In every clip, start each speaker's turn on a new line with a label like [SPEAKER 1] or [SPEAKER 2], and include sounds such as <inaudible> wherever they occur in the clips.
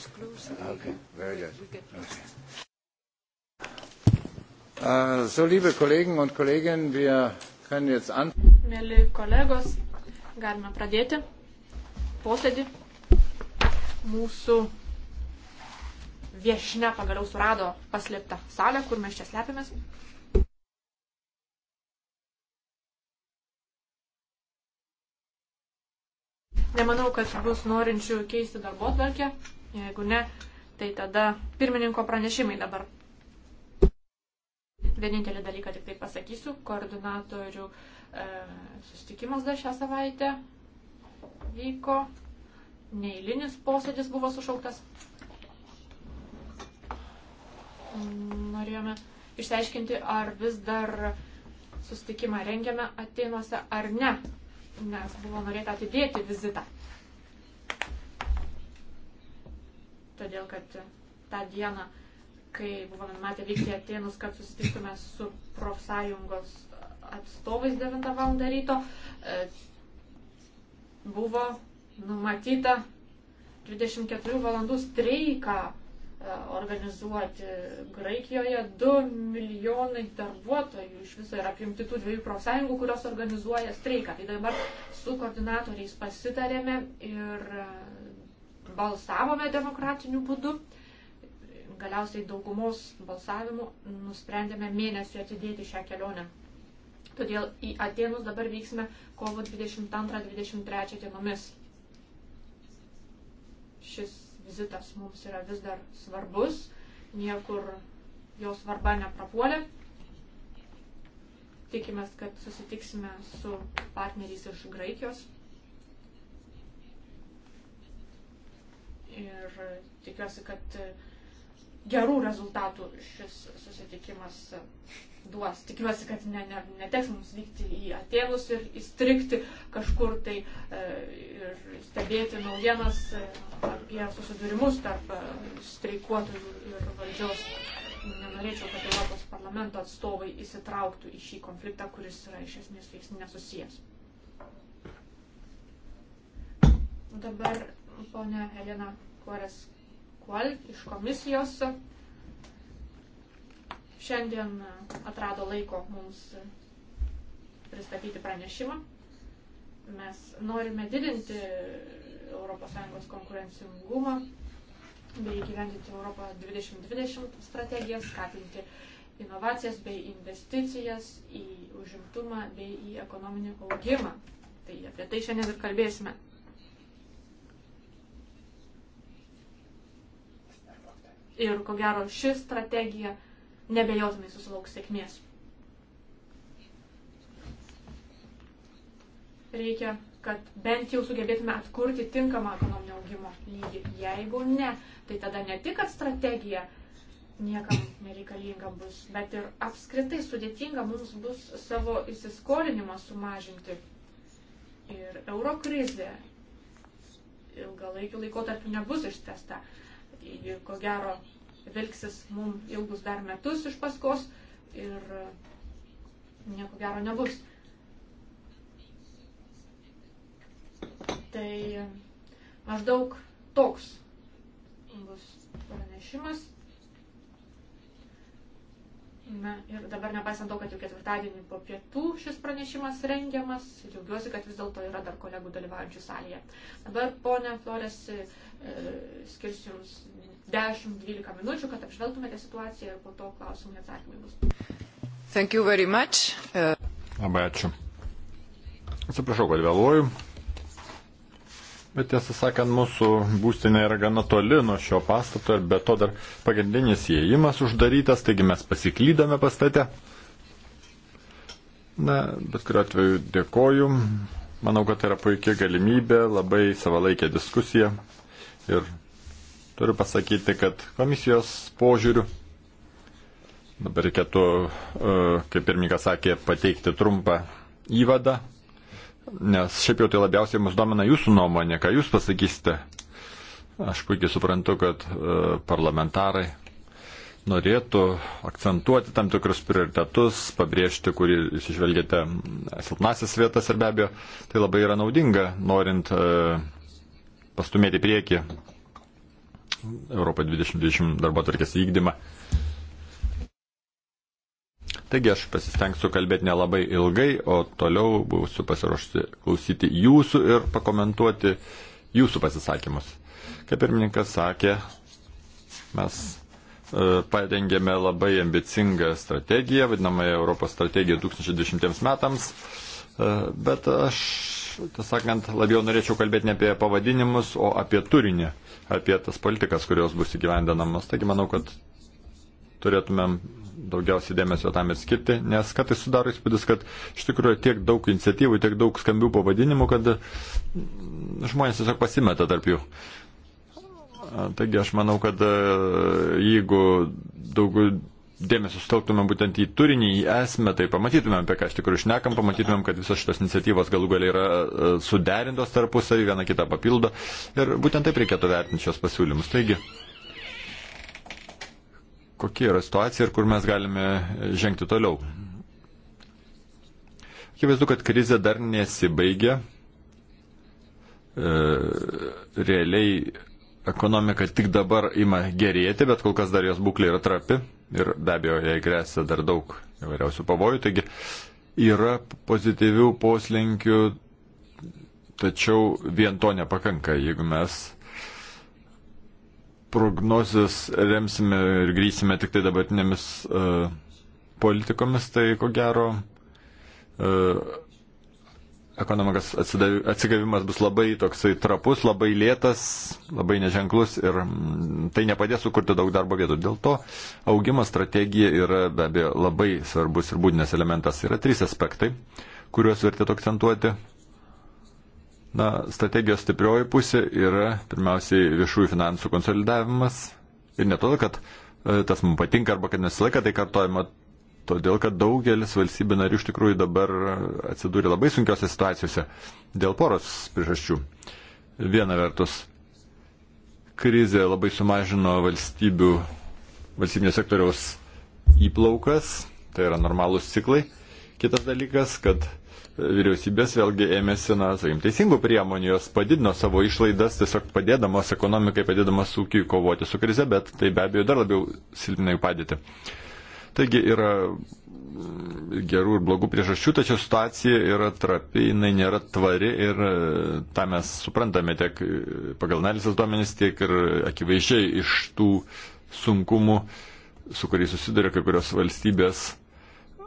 [SPEAKER 1] is closed. Okay, very good. Okay.
[SPEAKER 2] Uh, so, liebe Kollegen und Kolleginnen, wir können jetzt an.
[SPEAKER 3] Mėly kolegos, galime pradėti posėdį. Mūsų viešne pagaliau surado paslėptą salę, kur mes čia slepiamės. Nemanau, kad bus norinčių keisti darbo tvarkę. Jeigu ne, tai tada pirmininko pranešimai dabar. Vienintelį dalyką tik tai pasakysiu, koordinatorių e, sustikimas dar šią savaitę vyko, neįlinis posėdis buvo sušauktas. Norėjome išsiaiškinti, ar vis dar sustikimą rengiame Atenuose ar ne, nes buvo norėta atidėti vizitą. todėl kad tą dieną, kai buvome matę vykti Atenus, kad susitiktume su profsąjungos atstovais 9 val. ryto, e, buvo numatyta 24 valandų streiką e, organizuoti Graikijoje. 2 milijonai darbuotojų iš viso yra apimti tų dviejų profsąjungų, kurios organizuoja streiką. Tai dabar su koordinatoriais pasitarėme ir e, balsavome demokratiniu būdu. Galiausiai daugumos balsavimu nusprendėme mėnesį atidėti šią kelionę. Todėl į Atenus dabar vyksime kovo 22-23 dienomis. Šis vizitas mums yra vis dar svarbus, niekur jo svarba neprapuolė. Tikimės, kad susitiksime su partneriais iš Graikijos. ir e, tikiuosi, kad e, gerų rezultatų šis susitikimas e, duos. Tikiuosi, kad ne, ne, neteks mums vykti į Atenus ir įstrikti kažkur tai e, ir stebėti naujienas apie susidūrimus tarp streikuotojų ir valdžios. Nenorėčiau, kad Europos parlamento atstovai įsitrauktų į šį konfliktą, kuris yra iš esmės veiksmų nesusijęs. Dabar ponia Helena Kores Kual iš komisijos šiandien atrado laiko mums pristatyti pranešimą. Mes norime didinti ES konkurencingumą bei gyvendyti Europą 2020 strategiją, skatinti inovacijas bei investicijas į užimtumą bei į ekonominį augimą. Tai apie tai šiandien ir kalbėsime. ir ko gero ši strategija nebejotinai susilauks sėkmės. Reikia, kad bent jau sugebėtume atkurti tinkamą ekonominio augimo lygį. Jeigu ne, tai tada ne tik, kad strategija niekam nereikalinga bus, bet ir apskritai sudėtinga mums bus savo įsiskolinimą sumažinti. Ir euro krizė ilgalaikiu laikotarpiu nebus ištesta ji ko gero vilksis mums ilgus dar metus iš paskos ir e, nieko gero nebus. Tai e, maždaug toks bus pranešimas. Na ir dabar nepaisant to, kad jau ketvirtadienį po pietų šis pranešimas rengiamas, džiaugiuosi, kad vis dėlto yra dar kolegų dalyvaujančių salėje. Dabar, ponė Flores, skirsiu jums 10-12 minučių, kad apžvelgtumėte situaciją ir po to klausimų atsakymai bus.
[SPEAKER 2] Thank you very much. Uh... Labai ačiū. Atsiprašau, kad vėluoju. Bet tiesą sakant, mūsų būstinė yra gana toli nuo šio pastato ir be to dar pagrindinis įėjimas uždarytas, taigi mes pasiklydome pastate. Na, bet kuriuo atveju dėkoju. Manau, kad tai yra puikia galimybė, labai savalaikė diskusija. Ir turiu pasakyti, kad komisijos požiūrių dabar reikėtų, e, kaip pirmininkas sakė, pateikti trumpą įvadą, nes šiaip jau tai labiausiai mus domina jūsų nuomonė, ką jūs pasakysite. Aš puikiai suprantu, kad e, parlamentarai norėtų akcentuoti tam tikrus prioritetus, pabrėžti, kurį jūs išvelgėte silpnasias vietas ir be abejo tai labai yra naudinga, norint uh, pastumėti prieki Europą 2020 darbo tvarkės vykdymą. Taigi aš pasistengsiu kalbėti nelabai ilgai, o toliau būsiu pasiruošusi klausyti jūsų ir pakomentuoti jūsų pasisakymus. Kaip pirmininkas sakė, mes e, parengėme labai ambicingą strategiją, vadinamąją Europos strategiją 2010 metams, e, bet aš tiesą sakant, labiau norėčiau kalbėti ne apie pavadinimus, o apie turinį, apie tas politikas, kurios bus įgyvendinamas. Taigi manau, kad turėtumėm daugiausiai dėmesio tam ir skirti, nes kartais sudaro įspūdis, kad iš tikrųjų tiek daug iniciatyvų, tiek daug skambių pavadinimų, kad žmonės tiesiog pasimeta tarp jų. Taigi aš manau, kad e, jeigu daugiau dėmesį sutelktumėm būtent į turinį, į esmę, tai pamatytumėm, apie ką iš tikrųjų šnekam, pamatytumėm, kad visos šitos iniciatyvos galų galiai yra e, suderintos tarpusavį, viena kitą papildo. Ir būtent taip reikėtų vertinti šios pasiūlymus. Taigi, kokia yra situacija ir kur mes galime žengti toliau? Akivaizdu, kad krizė dar nesibaigė. E, realiai ekonomika tik dabar ima gerėti, bet kol kas dar jos būklė yra trapi ir be abejo, jai grėsia dar daug įvairiausių pavojų, taigi yra pozityvių poslinkių, tačiau vien to nepakanka, jeigu mes prognozes remsime ir grįsime tik tai dabartinėmis uh, politikomis, tai ko gero uh, ekonomikos atsigavimas bus labai toksai trapus, labai lėtas, labai neženklus ir mm, tai nepadės sukurti daug darbo vietų. Dėl to augimo strategija yra be abejo labai svarbus ir būdinas elementas. Yra trys aspektai, kuriuos vertėtų akcentuoti. Na, strategijos stiprioji pusė yra pirmiausiai viešųjų finansų konsolidavimas. Ir ne todėl, kad e, tas mums patinka arba kad nesilaika tai kartojama, todėl kad daugelis valstybių narių iš tikrųjų dabar atsidūrė labai sunkiose situacijose dėl poros priežasčių. Viena vertus, krizė labai sumažino valstybių, valstybinio sektoriaus įplaukas, tai yra normalūs ciklai. Kitas dalykas, kad vyriausybės vėlgi ėmėsi, na, sakykim, teisingų priemonių, jos padidino savo išlaidas, tiesiog padėdamos ekonomikai, padėdamos ūkiui kovoti su krize, bet tai be abejo dar labiau silpnai padėti. Taigi yra mm, gerų ir blogų priežasčių, tačiau situacija yra trapi, jinai nėra tvari ir e, tą mes suprantame tiek e, pagal analizės duomenys, tiek ir akivaizdžiai iš tų sunkumų, su kuriais susiduria kai kurios valstybės e,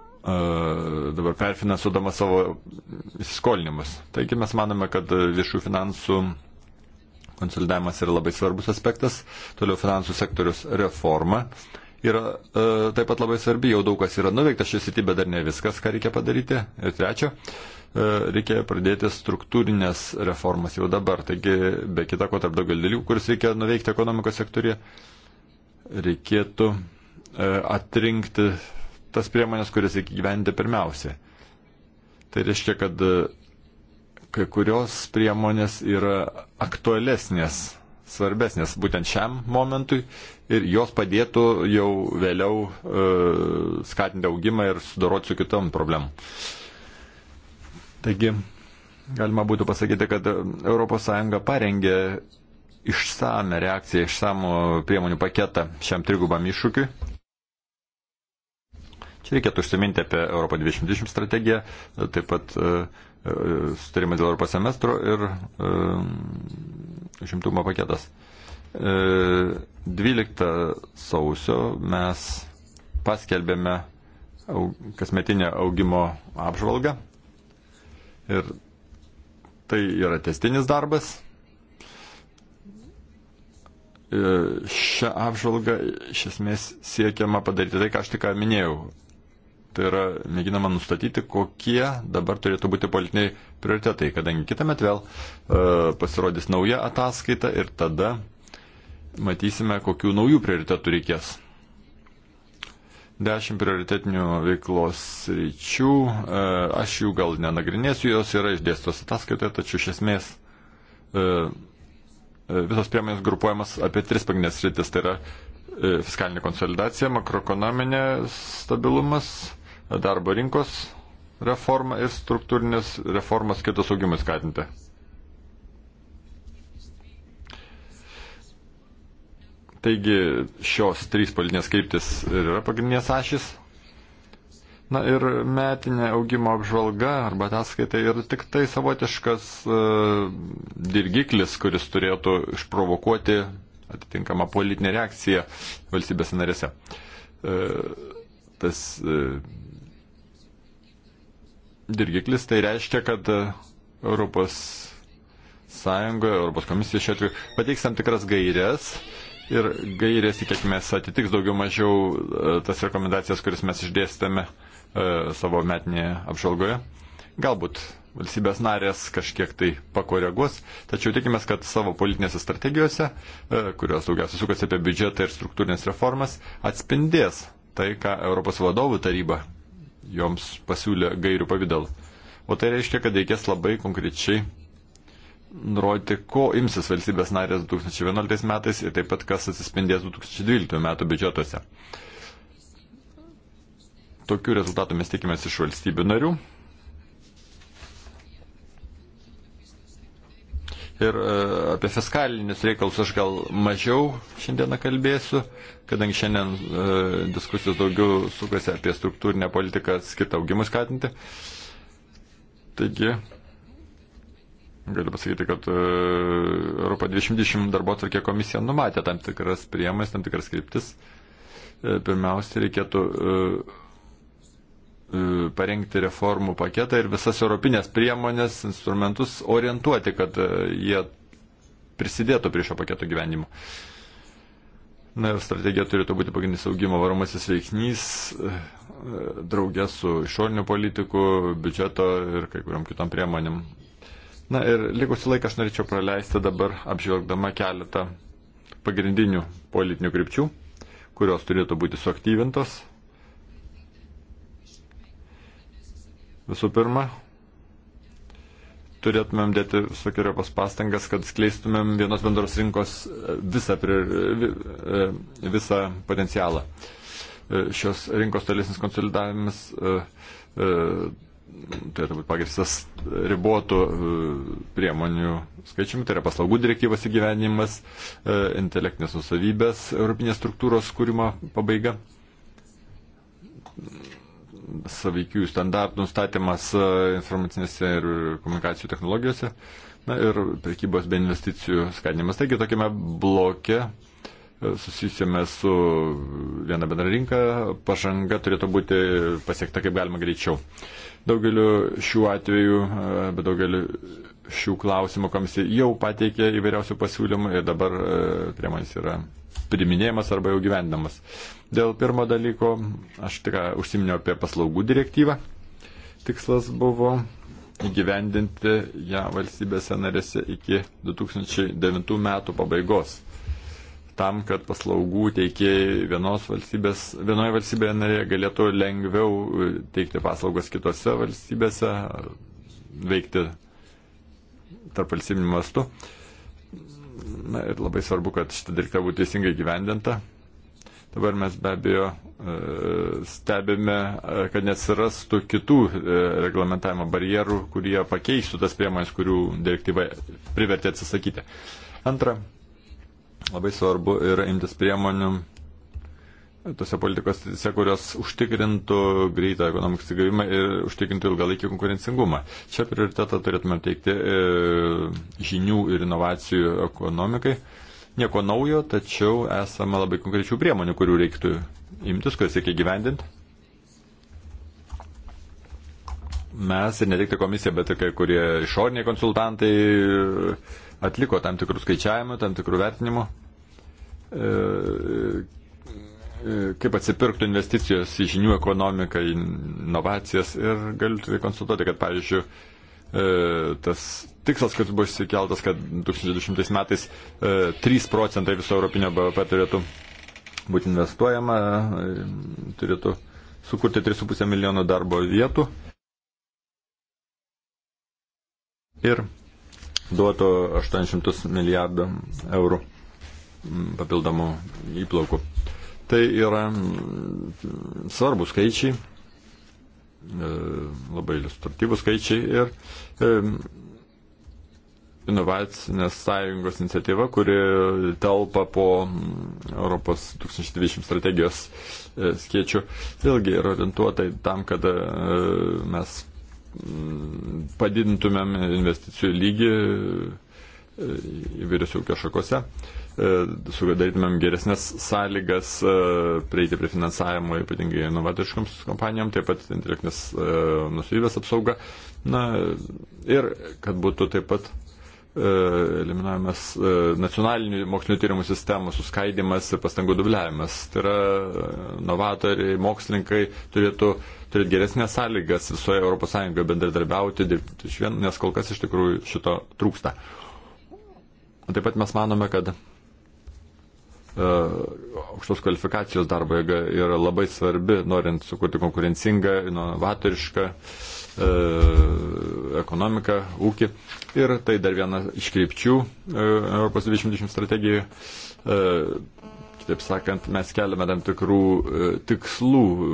[SPEAKER 2] dabar perfinansuodama savo skolinimus. Taigi mes manome, kad viešų finansų konsolidavimas yra labai svarbus aspektas, toliau finansų sektorius reforma. Uh, yra e, taip pat labai svarbi, jau daug kas yra nuveikta šis įti, bet dar ne viskas, ką reikia padaryti. Ir trečia, e, reikia pradėti struktūrinės reformas jau dabar. Taigi, be kita ko, tarp daugelį dalykų, kuris reikia nuveikti ekonomikos sektorėje, reikėtų e, atrinkti tas priemonės, kurias reikia gyventi pirmiausia. Tai reiškia, kad e, kai kurios priemonės yra aktualesnės svarbesnės būtent šiam momentui ir jos padėtų jau vėliau e, skatinti augimą ir sudoroti su kitom problemom. Taigi, galima būtų pasakyti, kad ES parengė išsame reakciją, išsamų priemonių paketą šiam trigubam iššūkiui. Čia reikėtų užsiminti apie Europą 2020 strategiją, taip pat e, sutarimai dėl Europos semestro ir šimtumo paketas. 12 e, sausio mes paskelbėme kasmetinę augimo apžvalgą ir tai yra testinis darbas. E, šią apžvalgą iš esmės siekiama padaryti tai, ką aš tik minėjau Tai yra mėginama nustatyti, kokie dabar turėtų būti politiniai prioritetai, kadangi kitą met vėl e, pasirodys nauja ataskaita ir tada matysime, kokių naujų prioritetų reikės. Dešimt prioritetinių veiklos ryčių, e, aš jų gal nenagrinėsiu, jos yra išdėstos ataskaitoje, tačiau iš esmės e, e visos priemonės grupuojamas apie tris pagrindinės rytis. Tai yra e, fiskalinė konsolidacija, makroekonominė stabilumas darbo rinkos reformą ir struktūrinės reformas skirtos augimui skatinti. Taigi šios trys politinės kryptis ir yra pagrindinės ašys. Na ir metinė augimo apžvalga arba ataskaita yra tik tai savotiškas uh, dirgiklis, kuris turėtų išprovokuoti atitinkamą politinę reakciją valstybės narėse. Uh, tas uh, dirgiklis, tai reiškia, kad e, Europos Sąjungoje, Europos komisija šiuo atveju pateiks tam tikras gairias ir gairės, tikėkime, atitiks daugiau mažiau e, tas rekomendacijas, kuris mes išdėstėme e, savo metinėje apžalgoje. Galbūt valstybės narės kažkiek tai pakoreguos, tačiau tikimės, kad savo politinėse strategijose, e, kurios daugiausia sukasi apie biudžetą ir struktūrinės reformas, atspindės tai, ką Europos vadovų taryba joms pasiūlė gairių pavydalą. O tai reiškia, kad reikės labai konkrečiai nurodyti, ko imsis valstybės narės 2011 metais ir taip pat kas atsispindės 2012 metų biudžetuose. Tokių rezultatų mes tikimės iš valstybių narių, ir e, apie fiskalinius reikalus aš gal mažiau šiandieną kalbėsiu, kadangi šiandien e, diskusijos daugiau sukasi apie struktūrinę politiką skirtą augimui skatinti. Taigi, Galiu pasakyti, kad e, Europa 2020 darbo atvarkė komisija numatė tam tikras priemonės, tam tikras kryptis. Pirmiausia, reikėtų E, parengti reformų paketą ir visas europinės priemonės, instrumentus orientuoti, kad e, jie prisidėtų prie šio paketo gyvenimo. Na ir strategija turėtų būti pagrindinis augimo varomasis veiksnys, e, draugė su išoriniu politiku, biudžeto ir kai kuriam kitom priemonėm. Na ir likusį laiką aš norėčiau praleisti dabar apžvelgdama keletą pagrindinių politinių krypčių, kurios turėtų būti suaktyvintos Visų pirma, turėtumėm dėti visokiojopas pastangas, kad skleistumėm vienos bendros rinkos e, visą, prie, visą potencialą. E, šios rinkos tolesnis konsolidavimas e, turėtų būti pagristas ribotų priemonių skaičiumi, tai yra paslaugų direktyvos įgyvenimas, intelektinės nusavybės, europinės struktūros skūrimo pabaiga saveikių standartų nustatymas e, informacinėse ir komunikacijų technologijose na, ir prekybos bei investicijų skatinimas. Taigi tokiame bloke e, susisėme su viena bendra rinka, pažanga turėtų būti pasiekta kaip galima greičiau. Daugeliu šių atvejų, e, bet daugeliu šių klausimų komisija jau pateikė įvairiausių pasiūlymų ir dabar priemonės yra priminėjimas arba jau gyvendamas. Dėl pirmo dalyko, aš tik užsiminiau apie paslaugų direktyvą. Tikslas buvo įgyvendinti ją valstybėse narėse iki 2009 metų pabaigos. Tam, kad paslaugų teikėjai vienos valstybės, vienoje valstybėje narėje galėtų lengviau teikti paslaugas kitose valstybėse, veikti tarp valstybinių mastų. Uh, Na ir labai svarbu, kad šitą direktyvą būtų teisingai gyvendinta. Dabar mes be abejo e, stebime, e, kad nesirastų kitų e, reglamentavimo barjerų, kurie pakeistų tas priemonės, kurių direktyva privertė atsisakyti. Antra, labai svarbu yra imtis priemonių tose politikos, kurios užtikrintų greitą ekonomikos įgavimą ir užtikrintų ilgalaikį konkurencingumą. Čia prioritetą turėtume teikti e, žinių ir inovacijų ekonomikai. Nieko naujo, tačiau esame labai konkrečių priemonių, kurių reiktų imtis, kurias reikia gyvendinti mes ir ne tik tai komisija, bet ir kai kurie išoriniai konsultantai atliko tam tikrų skaičiavimų, tam tikrų vertinimų, e, kaip atsipirktų investicijos į žinių ekonomiką, į inovacijas ir galiu tai konsultuoti, kad, pavyzdžiui, e, tas tikslas, kuris buvo įsikeltas, kad 2020 metais 3 e, procentai viso europinio BVP turėtų būti investuojama, e, turėtų sukurti 3,5 milijono darbo vietų ir duotų 800 milijardų eurų papildomų įplaukų. Tai yra svarbus skaičiai, e, labai iliustratyvus skaičiai ir e, inovacinės sąjungos iniciatyva, kuri telpa po Europos 2020 strategijos e, skiečių, vėlgi yra orientuota tam, kad mes padidintumėm investicijų lygį įvairiose ūkio šakose, e, sudarytumėm geresnės sąlygas e, prieiti prie finansavimo, ypatingai inovatoriškoms kompanijom, taip pat intelektinės e, nusivybės apsauga. Na, ir kad būtų taip pat eliminavimas nacionalinių mokslinio tyrimų sistemų suskaidimas ir pastangų dubliavimas. Tai yra novatoriai, mokslininkai turėtų turėti geresnės sąlygas visoje ES bendradarbiauti, dirbti iš vien, nes kol kas iš tikrųjų šito trūksta. Taip pat mes manome, kad e, aukštos kvalifikacijos darbo jėga yra labai svarbi, norint sukurti konkurencingą, inovatorišką e, ekonomiką, ūkį. Ir tai dar viena iš krypčių e, Europos 2020 strategijoje. E, Taip sakant, mes keliame tam tikrų e, tikslų e,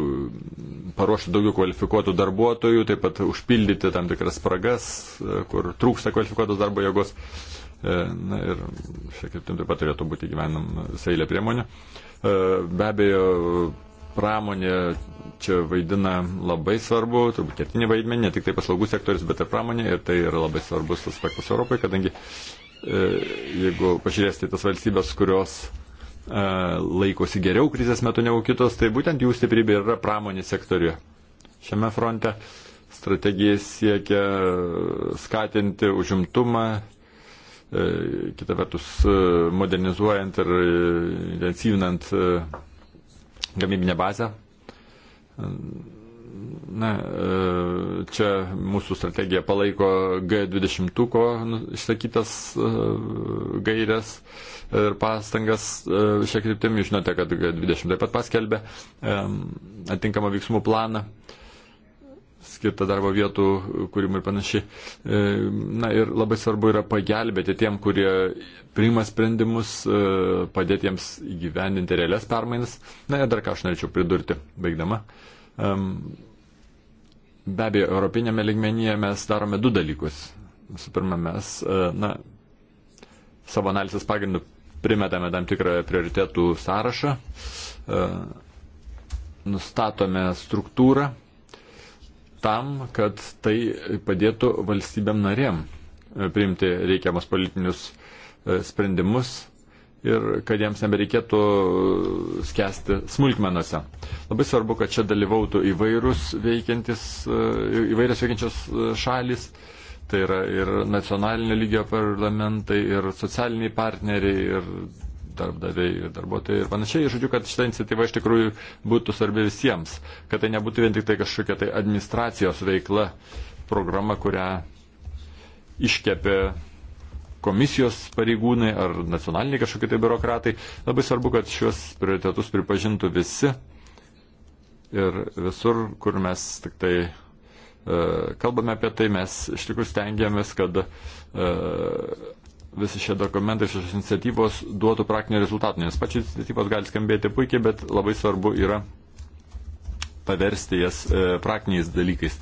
[SPEAKER 2] paruošti daugiau kvalifikuotų darbuotojų, taip pat užpildyti tam tikras spragas, e, kur trūksta kvalifikuotos darbo jėgos. E, E, na ir šiek tiek taip pat turėtų būti gyvenam seilė priemonė. E, be abejo, pramonė čia vaidina labai svarbu, turbūt kertinį vaidmenį, ne tik tai paslaugų sektorius, bet ir pramonė. Ir tai yra labai svarbus aspektas Europai, kadangi e, jeigu pažiūrėsite tas valstybės, kurios laikosi geriau krizės metu negu kitos, tai būtent jų stiprybė yra pramonės sektoriuje. Šiame fronte strategija siekia skatinti užimtumą, E, kita vertus e, modernizuojant ir e, intensyvinant gamybinę bazę. Na, čia mūsų strategija palaiko G20 nu, išsakytas gairias ir pastangas šiek tiek kryptimi. Žinote, kad G20 taip pat paskelbė atinkamą veiksmų planą skirta darbo vietų kūrimui ir panašiai. E, na ir labai svarbu yra pagelbėti tiem, kurie priima sprendimus, e, padėti jiems įgyvendinti realias permainas. Na ir dar ką aš norėčiau pridurti, baigdama. Be abejo, europinėme ligmenyje mes darome du dalykus. Visų pirma, mes, e, na, savo analizės pagrindų primetame tam tikrą prioritetų sąrašą, nustatome struktūrą tam, kad tai padėtų valstybėm narėm e, priimti reikiamus politinius e, sprendimus ir kad jiems nebereikėtų skęsti smulkmenose. Labai svarbu, kad čia dalyvautų įvairūs veikiantis, e, įvairios veikiančios šalis, tai yra ir nacionalinio lygio parlamentai, ir socialiniai partneriai, ir darbdaviai ir darbuotojai ir panašiai. Žodžiu, kad šita iniciatyva iš tikrųjų būtų svarbi visiems, kad tai nebūtų vien tik tai kažkokia tai administracijos veikla, programa, kurią iškepė komisijos pareigūnai ar nacionaliniai kažkokie tai biurokratai. Labai svarbu, kad šios prioritetus pripažintų visi ir visur, kur mes tik tai e, kalbame apie tai, mes iš tikrųjų stengiamės, kad e, visi šie dokumentai, šios iniciatyvos duotų praktinio rezultatų, nes pačios iniciatyvos gali skambėti puikiai, bet labai svarbu yra paversti jas e, praktiniais dalykais.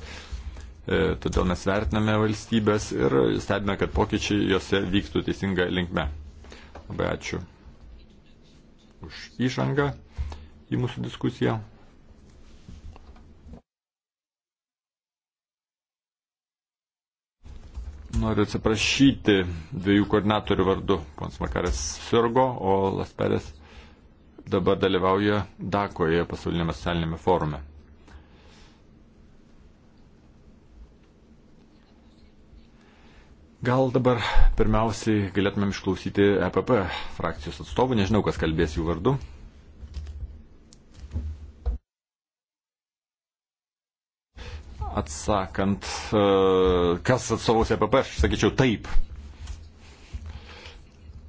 [SPEAKER 2] E, todėl mes vertiname valstybės ir stebime, kad pokyčiai jose vyktų teisinga linkme. Labai ačiū už įžangą į mūsų diskusiją. Noriu atsiprašyti dviejų koordinatorių vardu. Pons Makaras sirgo, o Lasperės dabar dalyvauja Dakoje pasaulinėme socialinėme forume. Gal dabar pirmiausiai galėtumėm išklausyti EPP frakcijos atstovų, nežinau, kas kalbės jų vardu. atsakant, e, kas atstovaus EPP, aš sakyčiau taip.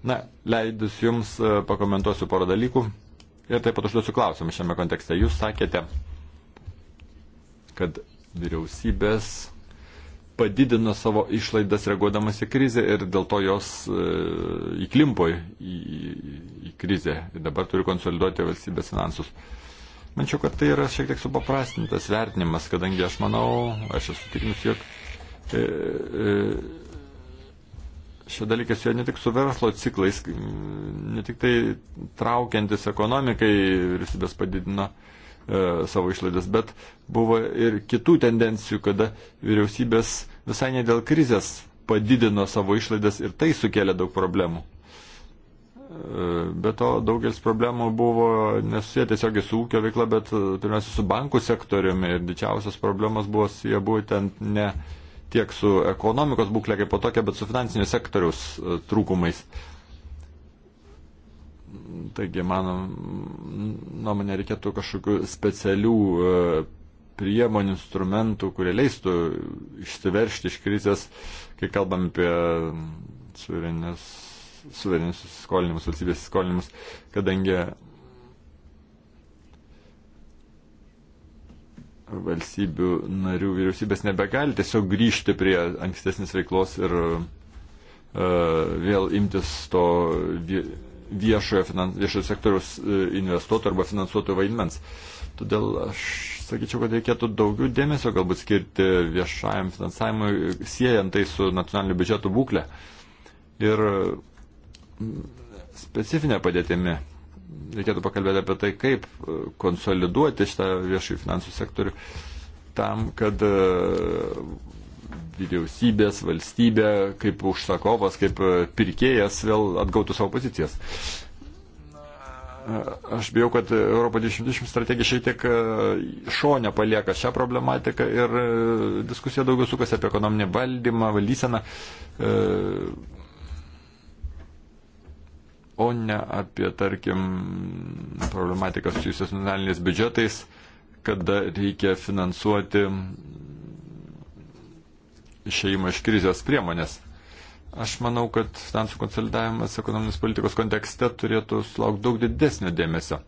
[SPEAKER 2] Na, leidus Jums e, pakomentuosiu porą dalykų ir taip pat užduosiu klausimą šiame kontekste. Jūs sakėte, kad vyriausybės padidino savo išlaidas reaguodamas į krizę ir dėl to jos e, įklimpo į, į, į krizę ir dabar turi konsoliduoti valstybės finansus. Uh, Mančiau, kad tai yra šiek tiek supaprastintas vertinimas, kadangi aš manau, aš esu tikinus, jog e, e, šie dalykai susiję ne tik su verslo ciklais, ne tik tai traukiantis ekonomikai vyriausybės padidino e, savo išlaidas, bet buvo ir kitų tendencijų, kada vyriausybės visai ne dėl krizės padidino savo išlaidas ir tai sukėlė daug problemų. Be to, daugelis problemų buvo nesusiję tiesiogiai su ūkio veikla, bet e, pirmiausia su bankų sektoriumi ir didžiausias problemas buvo susiję būtent ne tiek su ekonomikos būklė kaip po tokia, bet su finansinio sektoriaus e, trūkumais. Taigi, mano nuomonė, reikėtų kažkokių specialių e, priemonių, instrumentų, kurie leistų išsiveršti iš krizės, kai kalbam apie suverenės suverenius skolinimus, valstybės skolinimus, kadangi valstybių narių vyriausybės nebegali tiesiog grįžti prie ankstesnės veiklos ir uh, vėl imtis to viešojo, finans, viešojo sektoriaus e, investuotojų arba finansuotojų vaidmens. Todėl aš sakyčiau, kad reikėtų daugiau dėmesio galbūt skirti viešajam finansavimui, siejant tai su nacionaliniu biudžetu būklė. Ir specifinė padėtimi. Reikėtų pakalbėti apie tai, kaip e, konsoliduoti šitą viešųjų finansų sektorių tam, kad e, vyriausybės, valstybė, kaip užsakovas, kaip e, pirkėjas vėl atgautų savo pozicijas. Aš bijau, kad Europo 2020 strategija šiek tiek šonę palieka šią problematiką ir diskusija daugiau sukasi apie ekonominį valdymą, valdyseną. E, o ne apie, tarkim, problematiką susijusios nacionaliniais biudžetais, kada reikia finansuoti išeimą iš krizės priemonės. Aš manau, kad finansų konsolidavimas ekonominės politikos kontekste turėtų sulaukti daug didesnio dėmesio.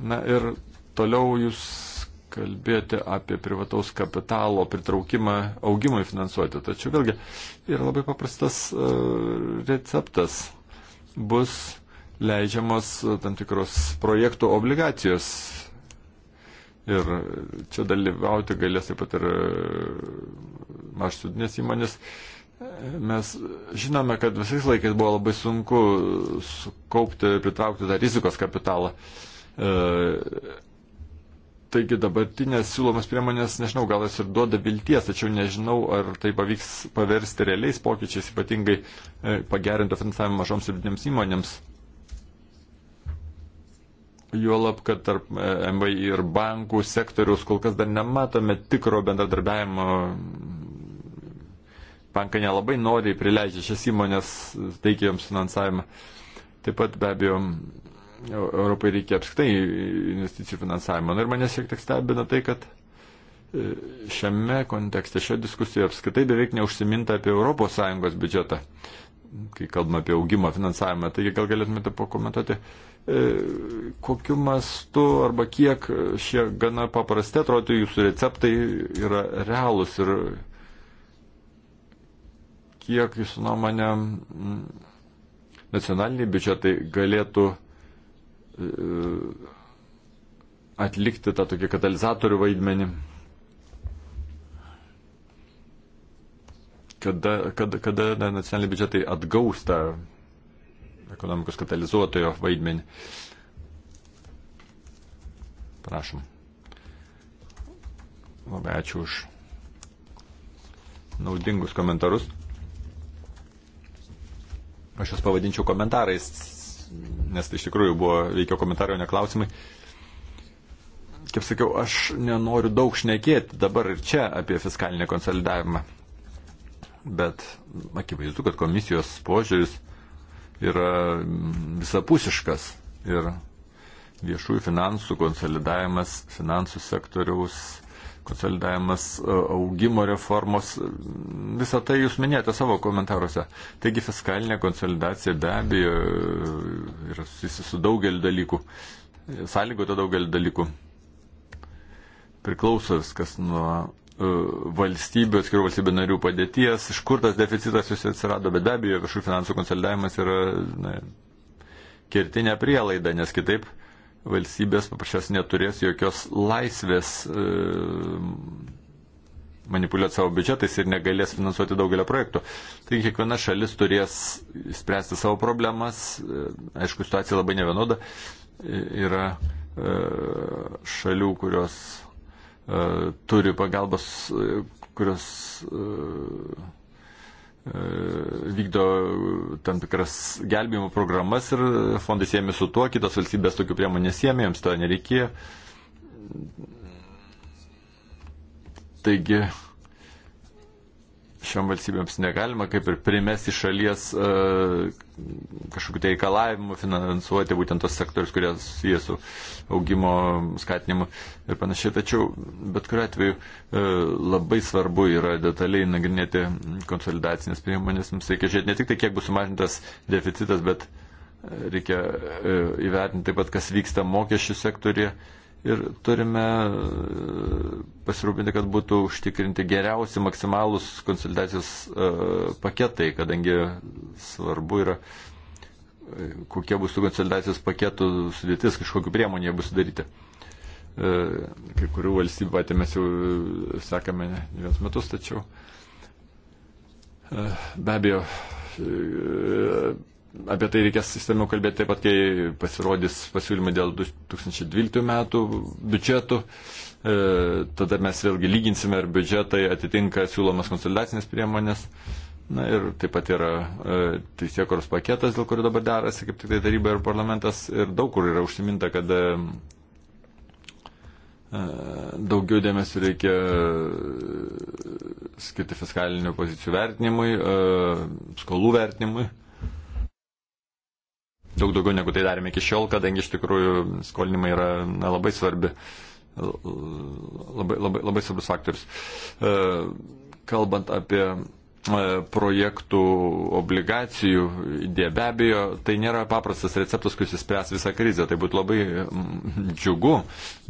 [SPEAKER 2] Na ir toliau jūs kalbėjote apie privataus kapitalo pritraukimą augimui finansuoti. Tačiau vėlgi yra labai paprastas e, receptas. Bus leidžiamos e, tam tikros projektų obligacijos. Ir čia dalyvauti galės taip pat ir e, mažsudinės įmonės. Mes žinome, kad visais laikais buvo labai sunku sukaupti, pritraukti tą rizikos kapitalą. E, Taigi dabartinės siūlomas priemonės, nežinau, gal jis ir duoda vilties, tačiau nežinau, ar tai pavyks paversti realiais pokyčiais, ypatingai e, pagerinto finansavimo mažoms ir didinėms įmonėms. Juolab, kad tarp e, MVI ir bankų sektoriaus kol kas dar nematome tikro bendradarbiavimo. Bankai nelabai noriai prileidžia šias įmonės, teikia joms finansavimą. Taip pat be abejo Europai reikia apskritai investicijų finansavimo. Na ir mane šiek tiek stebina tai, kad e, šiame kontekste, šioje diskusijoje apskritai beveik neužsiminta apie ES biudžetą, kai kalbame apie augimo finansavimą. Taigi gal galėtumėte pakomentuoti, e, kokiu mastu arba kiek šie gana paprasti atrodo jūsų receptai yra realūs ir kiek jūsų nuomonė nacionaliniai biudžetai galėtų E, atlikti tą tokį katalizatorių vaidmenį. Kada, kada, kada nacionaliniai biudžetai atgaus tą ekonomikos katalizuotojo vaidmenį. Prašom. Labai ačiū už naudingus komentarus. Aš juos pavadinčiau komentarais nes tai iš tikrųjų buvo veikio komentarai, o ne klausimai. Kaip sakiau, aš nenoriu daug šnekėti dabar ir čia apie fiskalinį konsolidavimą. Bet akivaizdu, kad komisijos požiūris yra visapusiškas ir viešųjų finansų konsolidavimas finansų sektoriaus konsolidavimas, e, augimo reformos, visą tai jūs minėjote savo komentaruose. Taigi fiskalinė konsolidacija be abejo e, yra susijusi su daugeliu dalykų, e, sąlygota daugeliu dalykų. Priklauso viskas nuo valstybių, atskirų valstybių narių padėties, iš kur tas deficitas jūs atsirado, bet be abejo viešų finansų konsolidavimas yra na, kertinė prielaida, nes kitaip uh, valstybės paprasčiausiai neturės jokios laisvės e, manipuliuoti savo biudžetais ir negalės finansuoti daugelio projektų. Taigi kiekviena šalis turės spręsti savo problemas. E, aišku, situacija labai nevienoda. E, yra e, šalių, kurios turi pagalbas, kurios E, vykdo tam tikras gelbėjimo programas ir fondai siejami su tuo, kitos valstybės tokių priemonių nesiemė, jiems to nereikėjo. Taigi šiom valstybėms negalima kaip ir primesti šalies e, kažkokiu tai reikalavimu finansuoti būtent tos sektorius, kurie susiję su augimo skatinimu ir panašiai. Tačiau bet kuriu atveju e, labai svarbu yra detaliai nagrinėti konsolidacinės priemonės. Mums reikia žiūrėti ne tik tai, kiek bus sumažintas deficitas, bet reikia e, įvertinti taip pat, kas vyksta mokesčių sektorėje ir turime e, pasirūpinti, kad būtų užtikrinti geriausi maksimalūs konsultacijos e, paketai, kadangi svarbu yra, e, kokie bus tų konsultacijos paketų sudėtis, kažkokiu priemonė bus sudaryti. Kai kurių valstybių patį mes jau sekame ne vienus metus, tačiau be abejo apie tai reikės sistemiau kalbėti taip pat, kai pasirodys pasiūlymai dėl 2012 metų biudžetų. E, tada mes vėlgi lyginsime, ar biudžetai atitinka siūlomas konsolidacinės priemonės. Na ir taip pat yra e, teisėkoros paketas, dėl kurio dabar derasi, kaip tik tai taryba ir parlamentas. Ir daug kur yra užsiminta, kad e, e daugiau dėmesio reikia e, skirti fiskalinių pozicijų vertinimui, e, skolų vertinimui. E, daug daugiau negu tai darėme iki šiol, kadangi iš tikrųjų skolinimai yra na, labai svarbi, labai, labai, labai svarbus faktorius. E, kalbant apie e, projektų obligacijų idėja. Be abejo, tai nėra paprastas receptas, kuris įspręs visą krizę. Tai būtų labai mm, džiugu,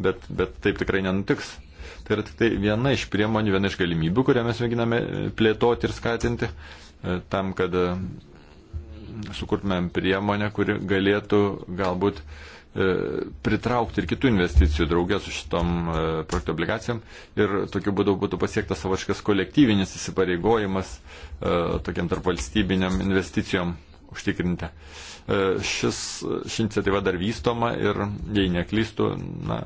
[SPEAKER 2] bet, bet taip tikrai nenutiks. Tai yra tik tai viena iš priemonių, viena iš galimybių, kurią mes mėginame plėtoti ir skatinti e, tam, kad sukurtumėm priemonę, kuri galėtų galbūt e, pritraukti ir kitų investicijų draugę su šitom e, projekto obligacijom ir tokiu būdu būtų pasiektas savaškas kolektyvinis įsipareigojimas e, tokiam tarp valstybiniam investicijom užtikrinti. Šis, ši iniciatyva dar vystoma ir, jei neklystų, na,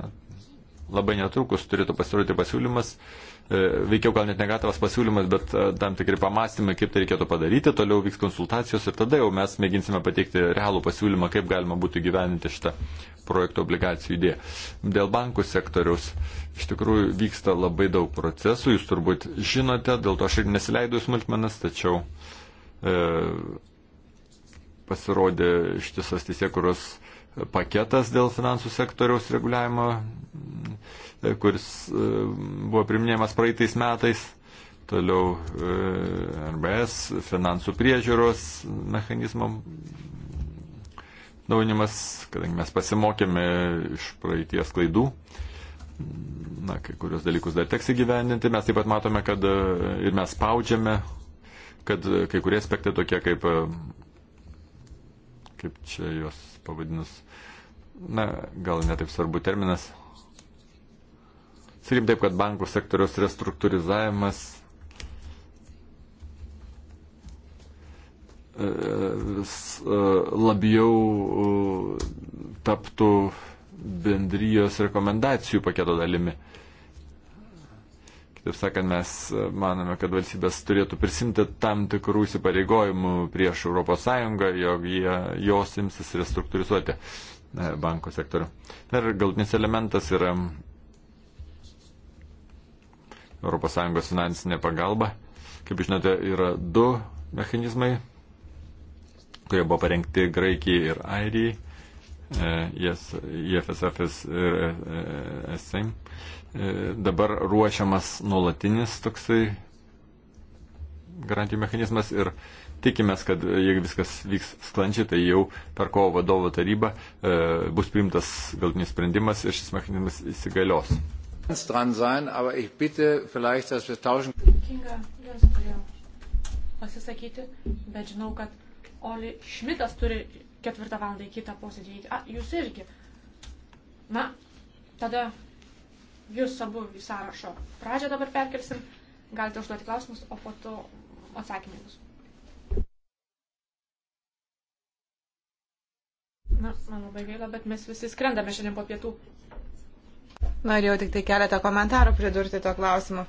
[SPEAKER 2] labai netrukus turėtų pasirodyti pasiūlymas, uh, E, veikiau gal net negatovas pasiūlymas, bet e, tam tikri pamastymai, kaip tai reikėtų padaryti, toliau vyks konsultacijos ir tada jau mes mėginsime pateikti realų pasiūlymą, kaip galima būtų gyveninti šitą projekto obligacijų idėją. Dėl bankų sektoriaus iš tikrųjų vyksta labai daug procesų, jūs turbūt žinote, dėl to aš ir nesileidau smulkmenas, tačiau e, pasirodė ištisas teisėkuros paketas dėl finansų sektoriaus reguliavimo. E, kuris e, buvo priminėjamas praeitais metais. Toliau e, RBS, finansų priežiūros mechanizmo naunimas, kadangi mes pasimokėme iš praeities klaidų. Na, kai kurios dalykus dar teks įgyvendinti. Mes taip pat matome, kad e, ir mes spaudžiame, kad kai kurie aspektai tokie kaip, kaip čia jos pavadinus, na, gal netaip svarbu terminas, Sakykim taip, kad bankų sektoriaus restruktūrizavimas e, e, labiau e, taptų bendrijos rekomendacijų paketo dalimi. Kitaip sakant, mes manome, kad valstybės turėtų prisimti tam tikrų įsipareigojimų prieš ES, jog jie, jos imsis restruktūrizuoti banko sektorių. Ir galtinis elementas yra ES finansinė pagalba. Kaip žinote, yra du mechanizmai, kurie buvo parengti Graikijai ir Airijai. E, IFSF ir e, e, SM. Dabar ruošiamas nuolatinis toksai garantijų mechanizmas ir tikimės, kad jeigu viskas vyks sklandžiai, tai jau per kovo vadovo tarybą e, bus priimtas galtinis sprendimas ir šis mechanizmas įsigalios dran sein, aber ich bitte vielleicht, dass wir tauschen.
[SPEAKER 3] Kinga, jūs turėjau pasisakyti, bet žinau, kad Oli Šmitas turi ketvirtą valandą į kitą posėdį. A, jūs irgi. Na, tada jūs abu į sąrašo pradžią dabar perkelsim. Galite užduoti klausimus, o po to atsakymus. Na, man labai gaila, bet mes visi skrendame šiandien po pietų.
[SPEAKER 1] Norėjau tik tai keletą komentarų pridurti tuo klausimu.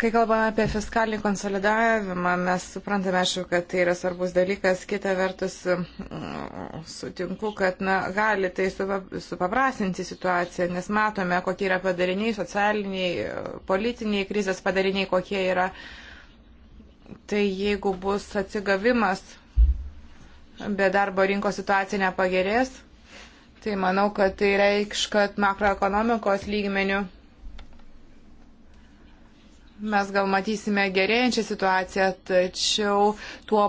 [SPEAKER 1] Kai kalbame apie fiskalinį konsolidavimą, mes suprantame, aišku, kad tai yra svarbus dalykas. Kita vertus, mm, sutinku, kad na, gali tai supaprasinti situaciją, nes matome, kokie yra padariniai, socialiniai, politiniai krizės padariniai, kokie yra. Tai jeigu bus atsigavimas, bet darbo rinkos situacija nepagerės, Tai manau, kad tai reikš, kad makroekonomikos lygmenių mes gal matysime gerėjančią situaciją, tačiau tuo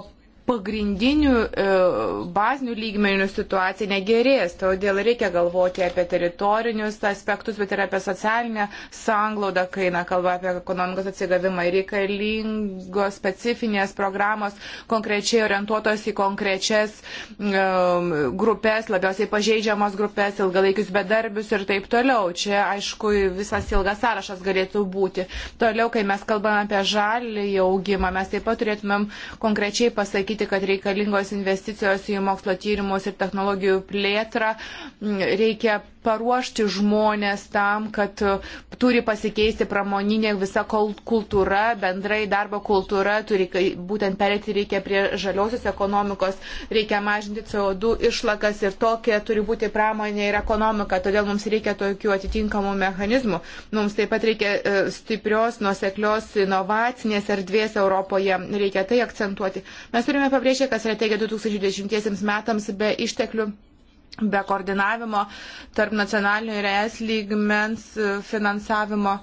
[SPEAKER 1] pagrindinių e, bazinių lygmenių situacija negerės, todėl reikia galvoti apie teritorinius aspektus, bet ir apie socialinę sanglaudą, kai na, kalba apie ekonomikos atsigavimą. Reikalingos specifinės programos konkrečiai orientuotos į konkrečias um, grupės, labiausiai pažeidžiamas grupės, ilgalaikius bedarbius ir taip toliau. Čia, aišku, visas ilgas sąrašas galėtų būti. Toliau, kai mes kalbame apie žalį augimą, mes taip pat turėtumėm konkrečiai pasakyti, pasakyti, kad reikalingos investicijos į mokslo tyrimus ir technologijų plėtrą mm, reikia paruošti žmonės tam, kad e, turi pasikeisti pramoninė visa kultūra, bendrai darbo kultūra, turi būtent perėti reikia prie žaliosios ekonomikos, reikia mažinti CO2 išlakas ir tokia turi būti pramonė ir ekonomika. Todėl mums reikia tokių atitinkamų mechanizmų. Mums taip pat reikia e, stiprios, nuseklios inovacinės erdvės Europoje. Reikia tai akcentuoti. Mes turime pabrėžti, kad strategija 2010 metams be išteklių be koordinavimo tarp nacionalinio ir ES lygmens e, finansavimo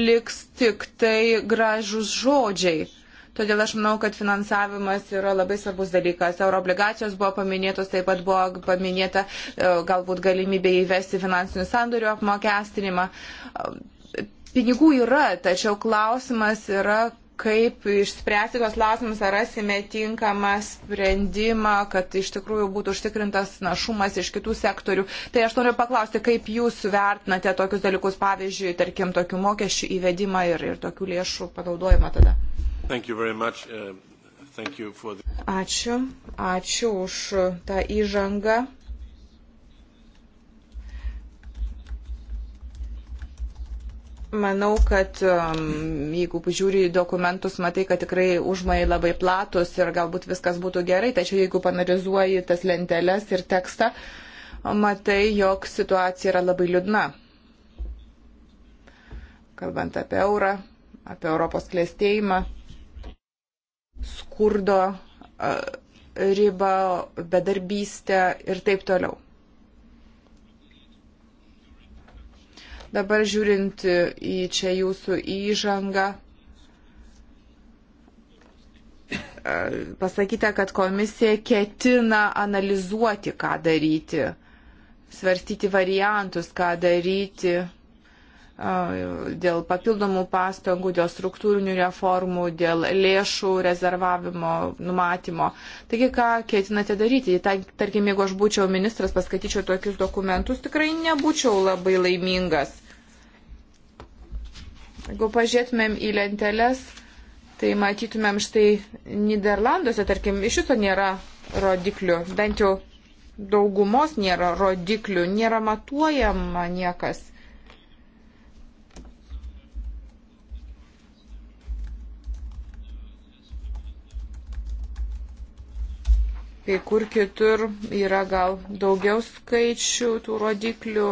[SPEAKER 1] liks tik tai gražus žodžiai. Todėl aš manau, kad finansavimas yra labai svarbus dalykas. Euroobligacijos buvo paminėtos, taip pat buvo paminėta e, galbūt galimybė įvesti finansinių sandorių apmokestinimą. E, pinigų yra, tačiau klausimas yra, kaip išspręsti tos klausimus, ar rasime tinkamą sprendimą, kad iš tikrųjų būtų užtikrintas našumas iš kitų sektorių. Tai aš noriu paklausti, kaip jūs vertinate tokius dalykus, pavyzdžiui, tarkim, tokių mokesčių įvedimą ir, ir tokių lėšų panaudojimą tada.
[SPEAKER 2] Uh,
[SPEAKER 1] the... Ačiū, ačiū už tą įžangą. Manau, kad um, jeigu žiūri dokumentus, matai, kad tikrai užmai labai platus ir galbūt viskas būtų gerai, tačiau jeigu panalizuoji tas lenteles ir tekstą, matai, jog situacija yra labai liūdna. Kalbant apie eurą, apie Europos klėstėjimą, skurdo uh, ribą, bedarbystę ir taip toliau. Dabar žiūrint į čia jūsų įžangą, pasakyta, kad komisija ketina analizuoti, ką daryti, svarstyti variantus, ką daryti dėl papildomų pastangų, dėl struktūrinių reformų, dėl lėšų rezervavimo, numatymo. Taigi, ką ketinate daryti? Tai, tarkim, jeigu aš būčiau ministras, paskatyčiau tokius dokumentus, tikrai nebūčiau labai laimingas. Jeigu pažiūrėtumėm į lenteles, tai matytumėm štai Niderlanduose, tarkim, iš viso nėra rodiklių, bent jau daugumos nėra rodiklių, nėra matuojama niekas. kai kur kitur yra gal daugiau skaičių tų rodiklių,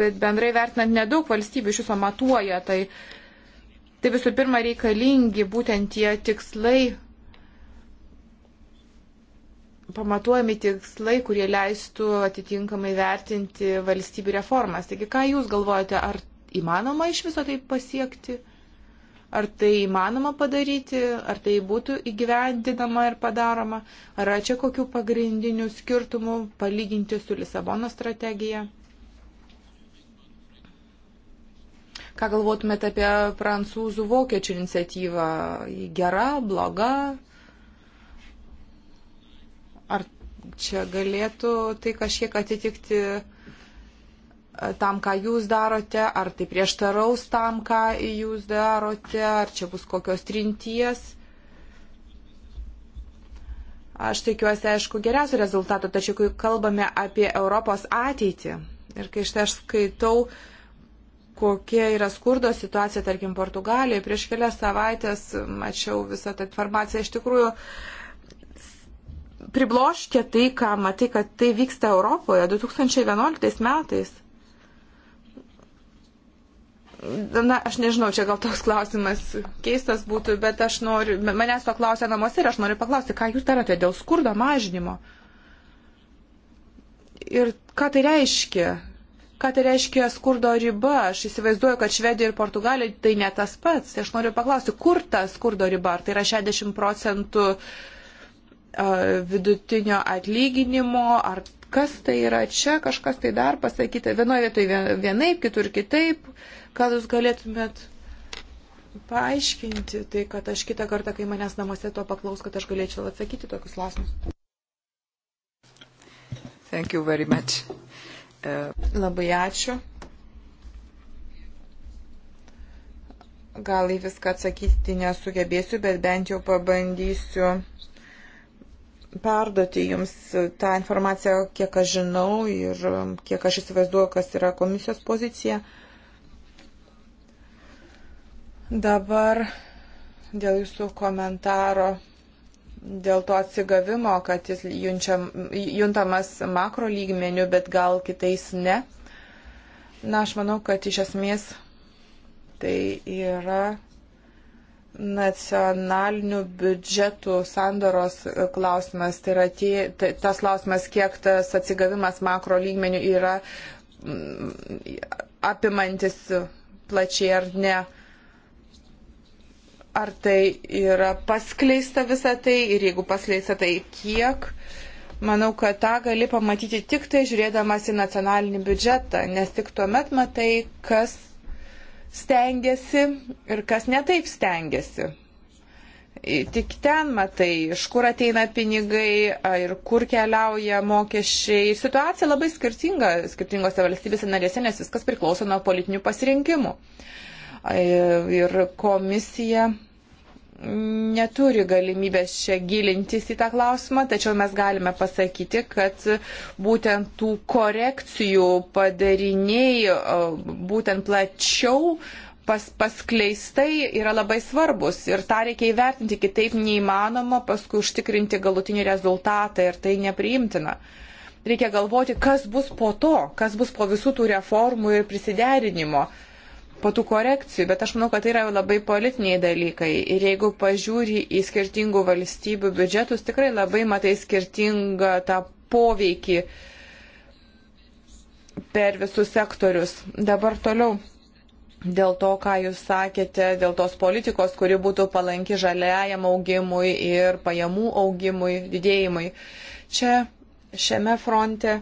[SPEAKER 1] bet bendrai vertinant nedaug valstybių iš viso matuoja tai Tai visų pirma reikalingi būtent tie tikslai, pamatuojami tikslai, kurie leistų atitinkamai vertinti valstybių reformas. Taigi, ką Jūs galvojate, ar įmanoma iš viso tai pasiekti? Ar tai įmanoma padaryti, ar tai būtų įgyvendinama ir padaroma, ar čia kokių pagrindinių skirtumų palyginti su Lisabono strategija? Ką galvotumėte apie prancūzų vokiečių iniciatyvą? Gera, bloga? Ar čia galėtų tai kažkiek atitikti e, tam, ką jūs darote, ar tai prieštaraus tam, ką jūs darote, ar čia bus kokios trinties? Aš tikiuosi, aišku, geriausių rezultatų, tačiau kai kalbame apie Europos ateitį ir kai štai aš skaitau uh, kokia yra skurdo situacija, tarkim, Portugalijoje. Prieš kelias savaitės mačiau visą tą informaciją. Iš tikrųjų, pribloškia tai, ką matai, kad tai vyksta Europoje 2011 metais. Na, aš nežinau, čia gal toks klausimas keistas būtų, bet aš noriu, manęs to klausia namuose ir aš noriu paklausti, ką jūs darote dėl skurdo mažinimo. Ir ką tai reiškia? ką tai reiškia skurdo riba. Aš įsivaizduoju, kad Švedija ir Portugalija tai ne tas pats. Aš noriu paklausti, kur ta skurdo riba? Ar tai yra 60 procentų vidutinio atlyginimo, ar kas tai yra čia, kažkas tai dar pasakyta. Vienoje vietoje vienaip, kitur kitaip. Gal jūs galėtumėt paaiškinti tai, kad aš kitą kartą, kai manęs namuose to paklaus, kad aš galėčiau atsakyti tokius klausimus. Thank you very much. E, labai ačiū. Gal į viską atsakyti nesugebėsiu, bet bent jau pabandysiu perduoti jums tą informaciją, kiek aš žinau ir kiek aš įsivaizduoju, kas yra komisijos pozicija. Dabar dėl jūsų komentaro dėl to atsigavimo, kad jis junčiam, juntamas makro lygmenių, bet gal kitais ne. Na, aš manau, kad iš esmės tai yra nacionalinių biudžetų sandoros klausimas, tai yra tie, tai, tas klausimas, kiek tas atsigavimas makro lygmenių yra mm, apimantis plačiai ar ne. Uh, ar tai yra paskleista visa tai ir jeigu paskleista, tai kiek. Manau, kad tą gali pamatyti tik tai žiūrėdamas į nacionalinį biudžetą, nes tik tuomet matai, kas stengiasi ir kas netaip stengiasi. Tik ten matai, iš kur ateina pinigai ir kur keliauja mokesčiai. Situacija labai skirtinga skirtingose valstybėse narėse, nes viskas priklauso nuo politinių pasirinkimų. Uh, ir komisija neturi galimybės čia gilintis į tą klausimą, tačiau mes galime pasakyti, kad būtent tų korekcijų padariniai būtent plačiau pas, paskleistai yra labai svarbus ir tą reikia įvertinti, kitaip neįmanoma paskui užtikrinti galutinį rezultatą ir tai nepriimtina. Reikia galvoti, kas bus po to, kas bus po visų tų reformų ir prisiderinimo. Uh, po tų korekcijų, bet aš manau, kad tai yra labai politiniai dalykai. Ir jeigu pažiūri į skirtingų valstybių biudžetus, tikrai labai matai skirtingą tą poveikį per visus sektorius. Dabar toliau. Dėl to, ką jūs sakėte, dėl tos politikos, kuri būtų palanki žaliajam augimui ir pajamų augimui, didėjimui. Čia šiame fronte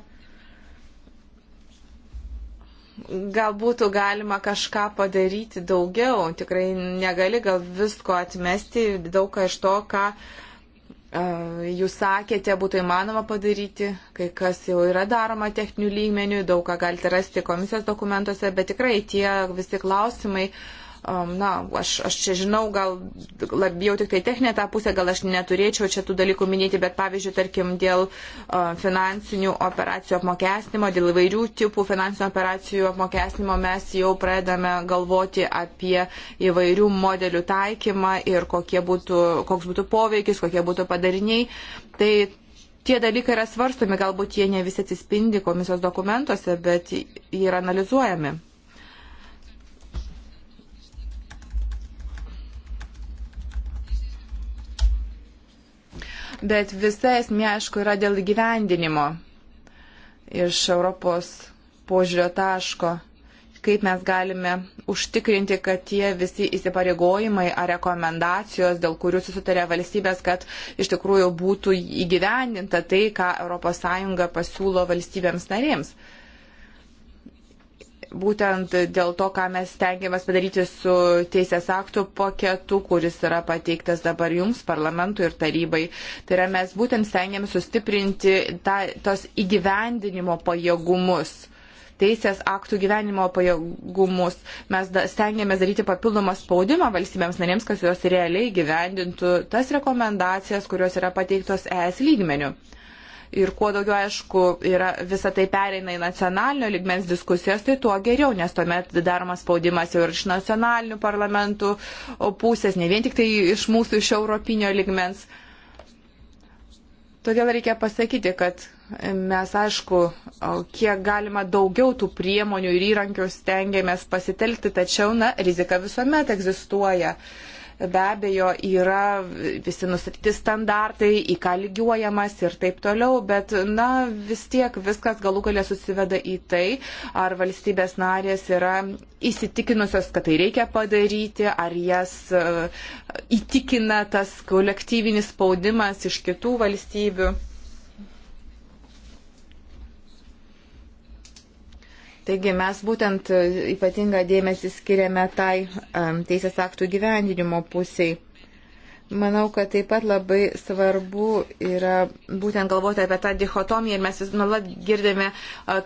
[SPEAKER 1] gal būtų galima kažką padaryti daugiau. Tikrai negali gal visko atmesti, daug ką iš to, ką uh, jūs sakėte, būtų įmanoma padaryti. Kai kas jau yra daroma techninių lygmenių, daug ką galite rasti komisijos dokumentuose, bet tikrai tie visi klausimai uh, na, aš, aš čia žinau, gal labiau tik tai techninę tą pusę, gal aš neturėčiau čia tų dalykų minėti, bet pavyzdžiui, tarkim, dėl finansinių operacijų apmokestinimo, dėl įvairių tipų finansinių operacijų apmokestinimo mes jau pradedame galvoti apie įvairių modelių taikymą ir būtų, koks būtų poveikis, kokie būtų padariniai. Tai tie dalykai yra svarstomi, galbūt jie ne visi atsispindi komisijos dokumentuose, bet jie yra analizuojami. bet visa esmė, aišku, yra dėl gyvendinimo iš Europos požiūrio taško, kaip mes galime užtikrinti, kad tie visi įsipareigojimai ar rekomendacijos, dėl kurių susitarė valstybės, kad iš tikrųjų būtų įgyvendinta tai, ką ES pasiūlo valstybėms narėms būtent dėl to, ką mes tengiamės padaryti su teisės aktų paketu, kuris yra pateiktas dabar jums, parlamentui ir tarybai. Tai yra mes būtent stengiamės sustiprinti ta, tos įgyvendinimo pajėgumus. Teisės aktų gyvenimo pajėgumus. Mes da, stengiamės daryti papildomą spaudimą valstybėms narėms, kas juos realiai gyvendintų tas rekomendacijas, kurios yra pateiktos ES lygmeniu ir kuo daugiau, aišku, yra visą tai pereina į nacionalinio ligmens diskusijas, tai tuo geriau, nes tuomet daromas spaudimas jau ir iš nacionalinių parlamentų pusės, ne vien tik tai iš mūsų, iš europinio ligmens. Todėl reikia pasakyti, kad mes, aišku, kiek galima daugiau tų priemonių ir įrankių stengiamės pasitelkti, tačiau, na, rizika visuomet egzistuoja. Uh, be abejo yra visi nustatyti standartai, į ką lygiuojamas ir taip toliau, bet na vis tiek viskas galų galę susiveda į tai, ar valstybės narės yra įsitikinusios, kad tai reikia padaryti, ar jas e, įtikina tas kolektyvinis spaudimas iš kitų valstybių. Taigi mes būtent e, ypatingą dėmesį skiriame tai e, teisės aktų gyvendinimo pusiai. Manau, kad taip pat labai svarbu yra būtent galvoti apie tą dichotomiją ir mes vis nuolat girdime e,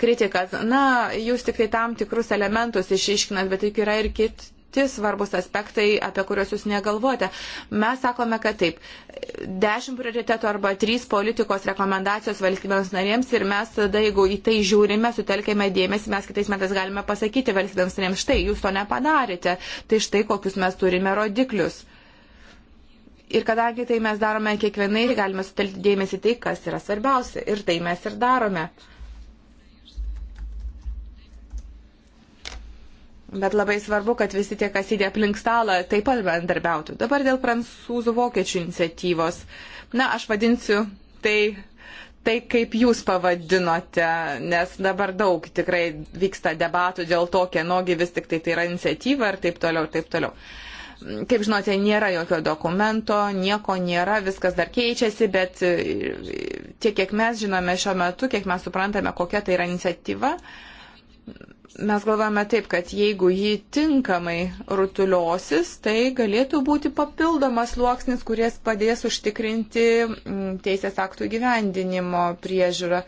[SPEAKER 1] kritiką, na, jūs tik tai tam tikrus elementus išiškinat, bet juk yra ir kit, kiti svarbus aspektai, apie kuriuos jūs negalvojate. Mes sakome, kad taip, dešimt prioritetų arba trys politikos rekomendacijos valstybėms narėms ir mes tada, jeigu į tai žiūrime, sutelkėme dėmesį, mes kitais metais galime pasakyti valstybėms narėms, štai, jūs to nepadarėte, tai štai kokius mes turime rodiklius. Ir kadangi tai mes darome kiekvienai, galime sutelkti dėmesį tai, kas yra svarbiausia. Ir tai mes ir darome. Bet labai svarbu, kad visi tie, kas sėdė aplink stalą, taip pat bendarbiautų. Dabar dėl prancūzų-vokiečių iniciatyvos. Na, aš vadinsiu tai, tai, kaip jūs pavadinote, nes dabar daug tikrai vyksta debatų dėl to, kienogi vis tik tai tai yra iniciatyva ir taip toliau, ir taip toliau kaip žinote, nėra jokio dokumento, nieko nėra, viskas dar keičiasi, bet e, tiek, kiek mes žinome šiuo metu, kiek mes suprantame, kokia tai yra iniciatyva, uh, mes galvojame taip, kad jeigu jį tinkamai rutuliosis, tai galėtų būti papildomas sluoksnis, kuris padės užtikrinti mm, teisės aktų gyvendinimo priežiūrą.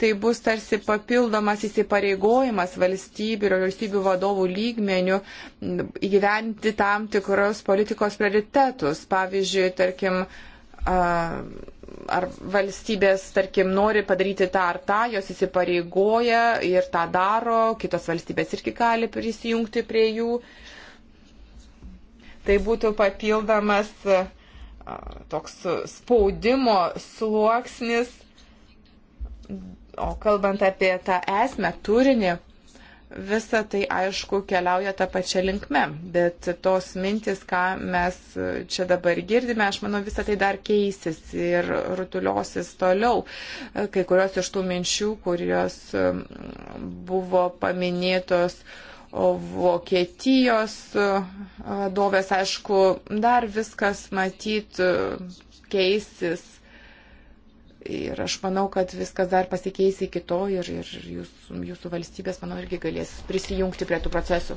[SPEAKER 1] Tai bus tarsi papildomas įsipareigojimas valstybių ir valstybių vadovų lygmenių mm, įgyventi tam tikrus politikos prioritetus. Pavyzdžiui, tarkim, uh, ar valstybės, tarkim, nori padaryti tą ar tą, jos įsipareigoja ir tą daro, kitos valstybės irgi gali prisijungti prie jų. Tai būtų papildomas toks spaudimo sluoksnis. O kalbant apie tą esmę, turinį, Visa tai, aišku, keliauja tą pačią linkmę, bet tos mintis, ką mes čia dabar girdime, aš manau, visa tai dar keisis ir rutuliosis toliau. Kai kurios iš tų minčių, kurios mm, buvo paminėtos, O Vokietijos vadovės, aišku, dar viskas matyt keisis Ir aš manau, kad viskas dar pasikeis iki to ir, ir jūs, jūsų valstybės, manau, irgi galės prisijungti prie tų procesų.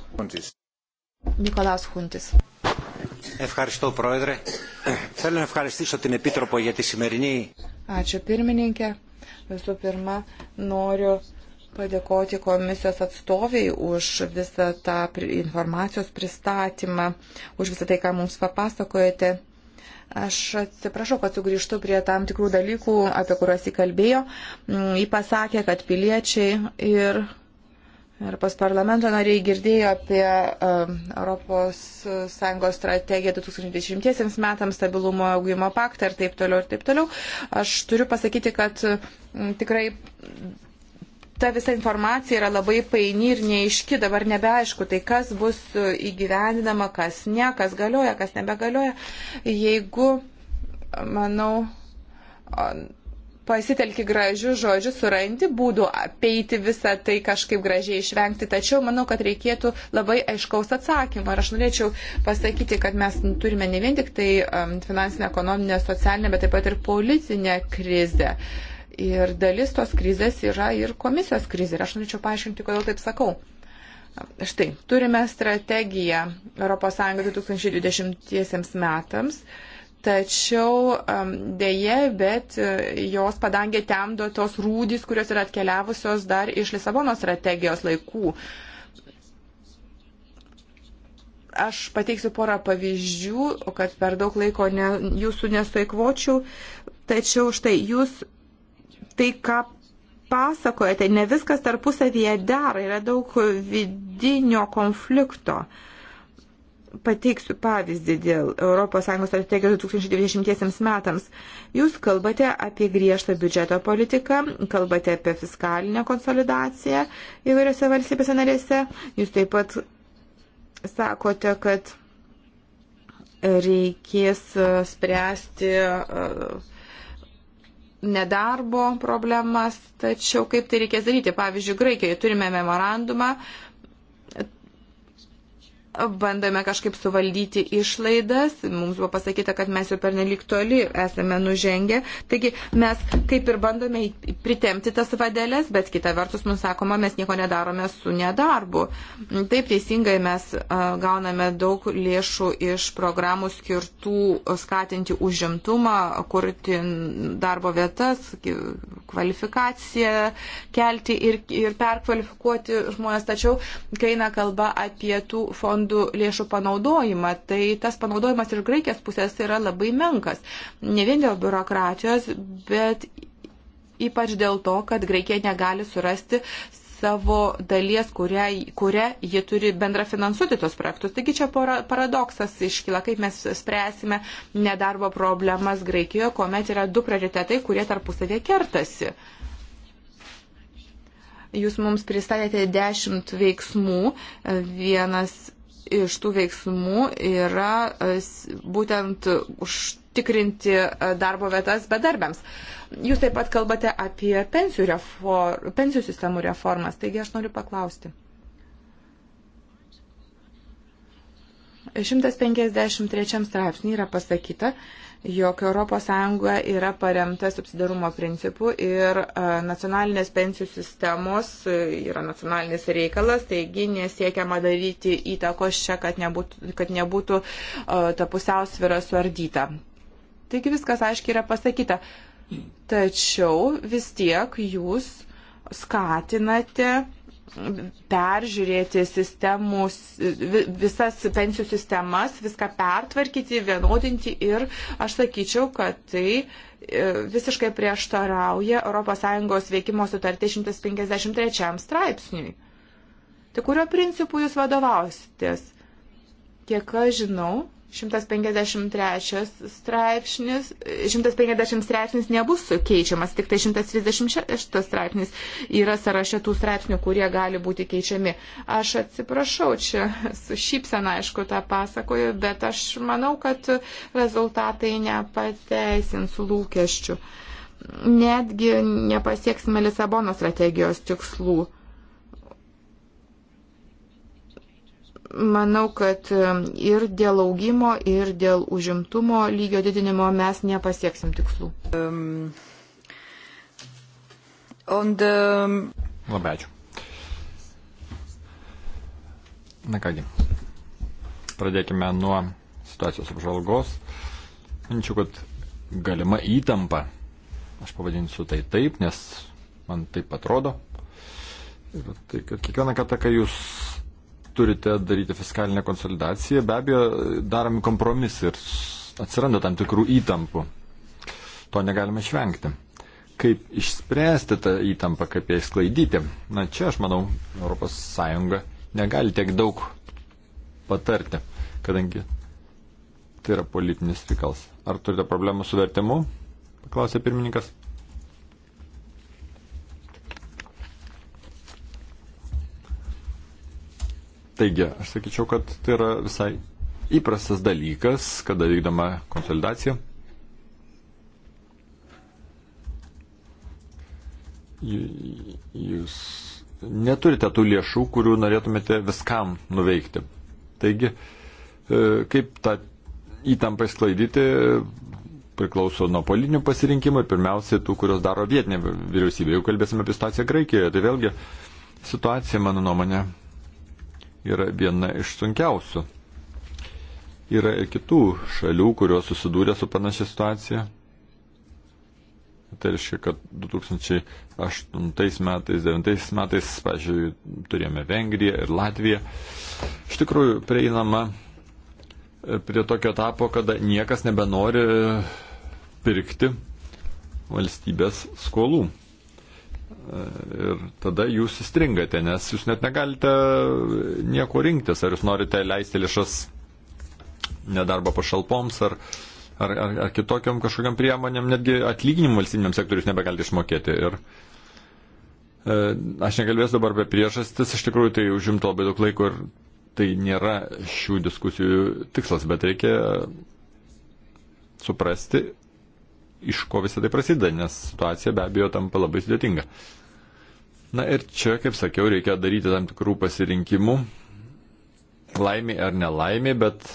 [SPEAKER 1] Nikolaus Huntis.
[SPEAKER 2] Ευχαριστώ, Πρόεδρε. Θέλω να ευχαριστήσω την Επίτροπο για τη σημερινή.
[SPEAKER 1] Ačiū, pirmininkė. Visų pirma, noriu padėkoti komisijos atstoviai už visą tą informacijos pristatymą, už visą tai, ką mums papasakojate. Aš atsiprašau, kad sugrįžtu prie tam tikrų dalykų, apie kuriuos įkalbėjo. Mm, Jis pasakė, kad piliečiai ir Europos parlamento nariai girdėjo apie um, ES strategiją 2010 metams, stabilumo augimo paktą ir taip toliau ir taip toliau. Aš turiu pasakyti, kad mm, tikrai ta visa informacija yra labai paini ir neiški, dabar nebeaišku, tai kas bus įgyvendinama, kas ne, kas galioja, kas nebegalioja. Jeigu, manau, pasitelki gražių žodžių, surandi būdų apeiti visą tai kažkaip gražiai išvengti, tačiau manau, kad reikėtų labai aiškaus atsakymo. Ir aš norėčiau pasakyti, kad mes turime ne vien tik tai finansinę, ekonominę, socialinę, bet taip pat ir policinę krizę. Uh, Ir dalis tos krizės yra ir komisijos krizė. Ir aš norėčiau paaiškinti, kodėl taip sakau. Štai, turime strategiją ES 2020 metams, tačiau um, dėje, bet e, jos padangė temdo tos rūdys, kurios yra atkeliavusios dar iš Lisabono strategijos laikų aš pateiksiu porą pavyzdžių, kad per daug laiko ne, jūsų nesuikvočiau, tačiau štai jūs tai, ką pasakojate, ne viskas tarpusavyje dera, yra daug vidinio konflikto. Pateiksiu pavyzdį dėl ES strategijos 2020 metams. Jūs kalbate apie griežtą biudžeto politiką, kalbate apie fiskalinę konsolidaciją įvairiose valstybėse narėse. Jūs taip pat sakote, kad reikės uh, spręsti uh, nedarbo problemas, tačiau kaip tai reikės daryti. Pavyzdžiui, Graikijoje turime memorandumą, bandome kažkaip suvaldyti išlaidas. Mums buvo pasakyta, kad mes jau pernelik toli esame nužengę. Taigi mes kaip ir bandome pritemti tas vadelės, bet kita vertus mums sakoma, mes nieko nedarome su nedarbu. Taip teisingai mes gauname daug lėšų iš programų skirtų skatinti užimtumą, kurti darbo vietas, kvalifikaciją, kelti ir, ir perkvalifikuoti žmonės. Tačiau, kai eina kalba apie tų fondų fondų lėšų panaudojimą, tai tas panaudojimas iš Graikijos pusės yra labai menkas. Ne vien dėl biurokratijos, bet ypač dėl to, kad Graikija negali surasti savo dalies, kurią, kurią ji turi bendra finansuoti tos projektus. Taigi čia para, paradoksas iškyla, kaip mes spręsime nedarbo problemas Graikijoje, kuomet yra du prioritetai, kurie tarpusavė kertasi. Jūs mums pristatėte dešimt veiksmų, vienas iš tų veiksmų yra e, būtent užtikrinti e, darbo vietas bedarbiams. Jūs taip pat kalbate apie pensijų, refor, pensijų sistemų reformas, taigi aš noriu paklausti. 153 straipsnį yra pasakyta, jog ES yra paremta subsidarumo principu ir e, nacionalinės pensijų sistemos e, yra nacionalinis reikalas, taigi nesiekiama daryti įtakos čia, kad nebūtų, kad nebūtų e, ta pusiausvėra suardyta. Taigi viskas aiškiai yra pasakyta. Tačiau vis tiek jūs skatinate peržiūrėti sistemų, visas pensijų sistemas, viską pertvarkyti, vienodinti ir aš sakyčiau, kad tai e, visiškai prieštarauja ES veikimo sutartė 153 straipsniui. Tai kurio principu jūs vadovausitės? Kiek aš žinau, 153 straipsnis, 150 straipsnis nebus keičiamas, tik tai 136 straipsnis yra sąraše tų straipsnių, kurie gali būti keičiami. Aš atsiprašau, čia su šypsena aišku tą pasakoju, bet aš manau, kad rezultatai nepateisins lūkesčių. Netgi nepasieksime Lisabono strategijos tikslų manau, kad ir dėl augimo, ir dėl užimtumo lygio didinimo mes nepasieksim tikslų. Um, the...
[SPEAKER 2] Labai ačiū. Na kągi, pradėkime nuo situacijos apžvalgos. Manyčiau, kad galima įtampa, aš pavadinsiu tai taip, nes man taip atrodo. Ir tai, kad kiekvieną kartą, kai jūs turite daryti fiskalinę konsolidaciją, be abejo, daromi kompromisai ir atsiranda tam tikrų įtampų. To negalime išvengti. Kaip išspręsti tą įtampą, kaip ją išsklaidyti? Na čia, aš manau, ES negali tiek daug patarti, kadangi tai yra politinis reikalas. Ar turite problemų su vertimu? Paklausė pirmininkas. Taigi, aš sakyčiau, kad tai yra visai įprastas dalykas, kada vykdama konsolidacija. Jūs neturite tų lėšų, kurių norėtumėte viskam nuveikti. Taigi, e, kaip tą įtampą sklaidyti priklauso nuo politinių pasirinkimų ir pirmiausiai tų, kurios daro vietinė vyriausybė. Jau kalbėsime apie situaciją Graikijoje, tai vėlgi situacija, mano nuomonė, yra viena iš sunkiausių. Yra ir kitų šalių, kurios susidūrė su panašia situacija. Tai reiškia, kad 2008 metais, 2009 metais, pažiūrėjau, turėjome Vengriją ir Latviją. Iš tikrųjų, prieinama prie tokio etapo, kada niekas nebenori pirkti valstybės skolų. Ir tada jūs įstringate, nes jūs net negalite nieko rinktis, ar jūs norite leisti lėšas nedarbo pašalpoms, ar, ar, ar, ar kitokiam kažkokiam priemonėm, netgi atlyginimų valstybiniam sektoriui jūs nebegalite išmokėti. Ir e, aš nekalbėsiu dabar apie priežastis, iš tikrųjų tai užimtų labai daug laiko ir tai nėra šių diskusijų tikslas, bet reikia suprasti iš ko visą tai prasideda, nes situacija be abejo tampa labai sudėtinga. Na ir čia, kaip sakiau, reikia daryti tam tikrų pasirinkimų, laimiai ar nelaimiai, bet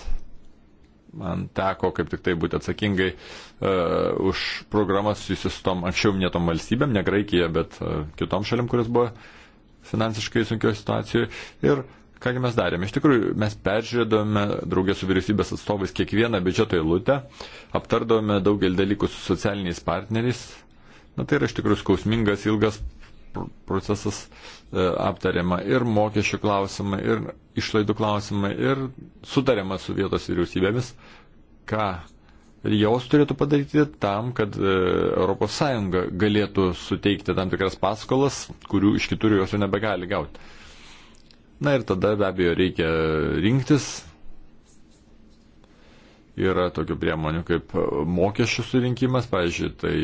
[SPEAKER 2] man teko kaip tik tai būti atsakingai uh, už programą susijusius su tom anksčiau minėtom valstybėm, ne Graikija, bet uh, kitom šalim, kuris buvo finansiškai sunkioje situacijoje. Ir Kągi mes darėme? Iš tikrųjų, mes peržiūrėdome draugė su vyriausybės atstovais kiekvieną biudžeto eilutę, aptardome daugelį dalykų su socialiniais partneriais. Na tai yra iš tikrųjų skausmingas, ilgas procesas e, aptariama ir mokesčių klausimai, ir išlaidų klausimai, ir sutariama su vietos vyriausybėmis, ką jos turėtų padaryti tam, kad ES galėtų suteikti tam tikras paskolas, kurių iš kitur jos jau nebegali gauti. Na ir tada be abejo reikia rinktis. Yra tokių priemonių kaip mokesčių surinkimas, pavyzdžiui, tai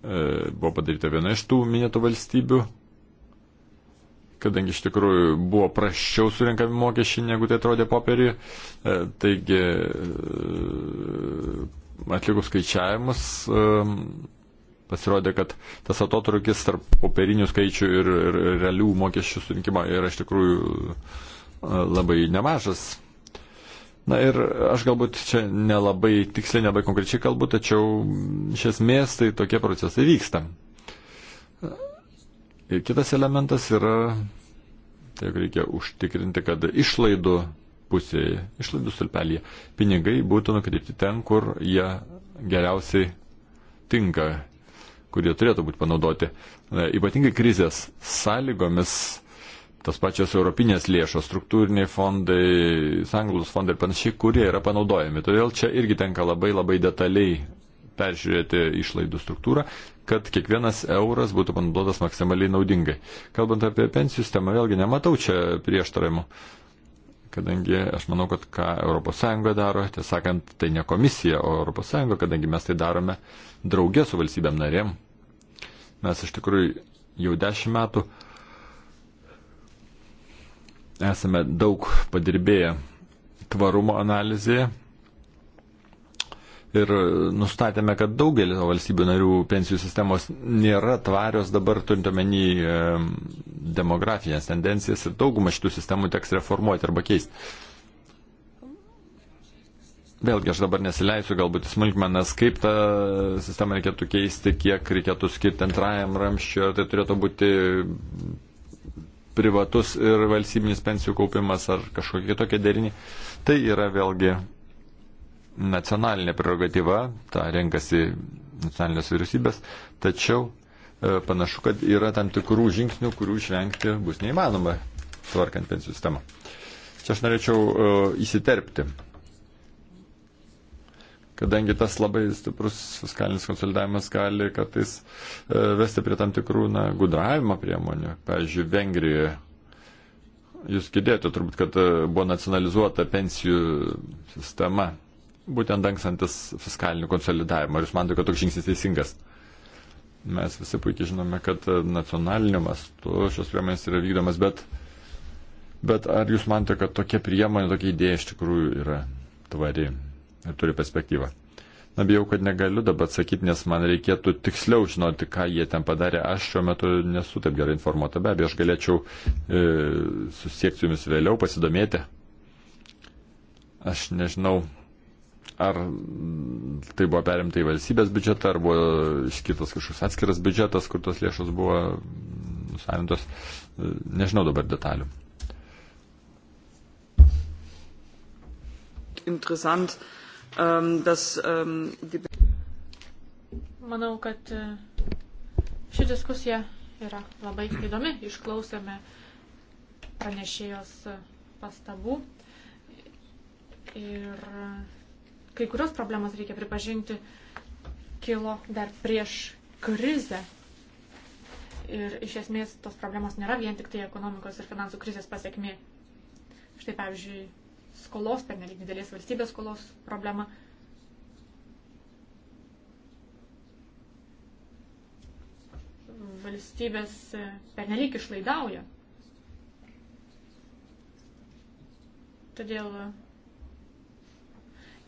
[SPEAKER 2] e, buvo padaryta viena iš tų minėtų valstybių, kadangi iš tikrųjų buvo praščiau surinkami mokesčiai, negu tai atrodė popieriui. E, taigi e, atlikus skaičiavimus pasirodė, kad tas atotrukis tarp popierinių skaičių ir, ir, ir realių mokesčių surinkimo yra iš tikrųjų labai nemažas. Na ir aš galbūt čia nelabai tiksliai, nelabai konkrečiai kalbu, tačiau iš esmės tai tokie procesai vyksta. Ir kitas elementas yra, tai reikia užtikrinti, kad išlaidų pusėje, išlaidų stulpelėje pinigai būtų nukreipti ten, kur jie geriausiai tinka kurie turėtų būti panaudoti. Ypatingai krizės sąlygomis tas pačios europinės lėšos, struktūriniai fondai, sanglus fondai ir panašiai, kurie yra panaudojami. Todėl čia irgi tenka labai labai detaliai peržiūrėti išlaidų struktūrą, kad kiekvienas euras būtų panaudotas maksimaliai naudingai. Kalbant apie pensijų sistemą, vėlgi nematau čia prieštaravimų, kadangi aš manau, kad ką ES daro, tiesąkant, tai ne komisija, o ES, kadangi mes tai darome draugė su valstybėm narėm, Mes iš tikrųjų jau dešimt metų esame daug padirbėję tvarumo analizėje ir nustatėme, kad daugelis valstybių narių pensijų sistemos nėra tvarios dabar turint omeny e, demografinės tendencijas ir daugumą šitų sistemų teks reformuoti arba keisti. Vėlgi aš dabar nesileisiu galbūt į smulkmenas, kaip tą sistemą reikėtų keisti, kiek reikėtų skirti antrajam ramščiui, ar tai turėtų būti privatus ir valstybinis pensijų kaupimas ar kažkokie kitokie deriniai. Tai yra vėlgi nacionalinė prerogatyva, tą renkasi nacionalinės vyriausybės, tačiau e, panašu, kad yra tam tikrų žingsnių, kurių išvengti bus neįmanoma tvarkant pensijų sistemą. Čia aš norėčiau uh, įsiterpti kadangi tas labai stiprus fiskalinis konsolidavimas gali kartais e, vesti prie tam tikrų na, gudravimo priemonių. Pavyzdžiui, Vengrijoje jūs girdėjote turbūt, kad e, buvo nacionalizuota pensijų sistema, būtent dangsantis fiskalinį konsolidavimą. Ar jūs manote, kad toks žingsnis teisingas? Mes visi puikiai žinome, kad e, nacionaliniu mastu šios priemonės yra vykdomas, bet, bet ar jūs manote, kad tokia priemonė, tokia idėja iš tikrųjų yra tvari? ir turi perspektyvą. Na, bijau, kad negaliu dabar atsakyti, nes man reikėtų tiksliau žinoti, ką jie ten padarė. Aš šiuo metu nesu taip gerai informuota. Be abejo, aš galėčiau e, susiekti su jumis vėliau, pasidomėti. Aš nežinau, ar tai buvo perimta į valstybės biudžetą, ar buvo išskirtas kažkoks atskiras biudžetas, kur tos lėšos buvo nusavintos. E, nežinau dabar detalių.
[SPEAKER 3] Interesant. Uh, Ähm, dass
[SPEAKER 1] ähm, die.
[SPEAKER 3] Manau, kad e, ši diskusija yra labai įdomi. Išklausėme pranešėjos pastabų. Ir e, kai kurios problemas reikia pripažinti kilo dar prieš krizę. Ir iš esmės tos problemos nėra vien tik tai ekonomikos ir finansų krizės pasiekmi. Štai pavyzdžiui, skolos, per nelik didelės valstybės skolos problemą. Valstybės e, per nelik išlaidauja. Todėl e,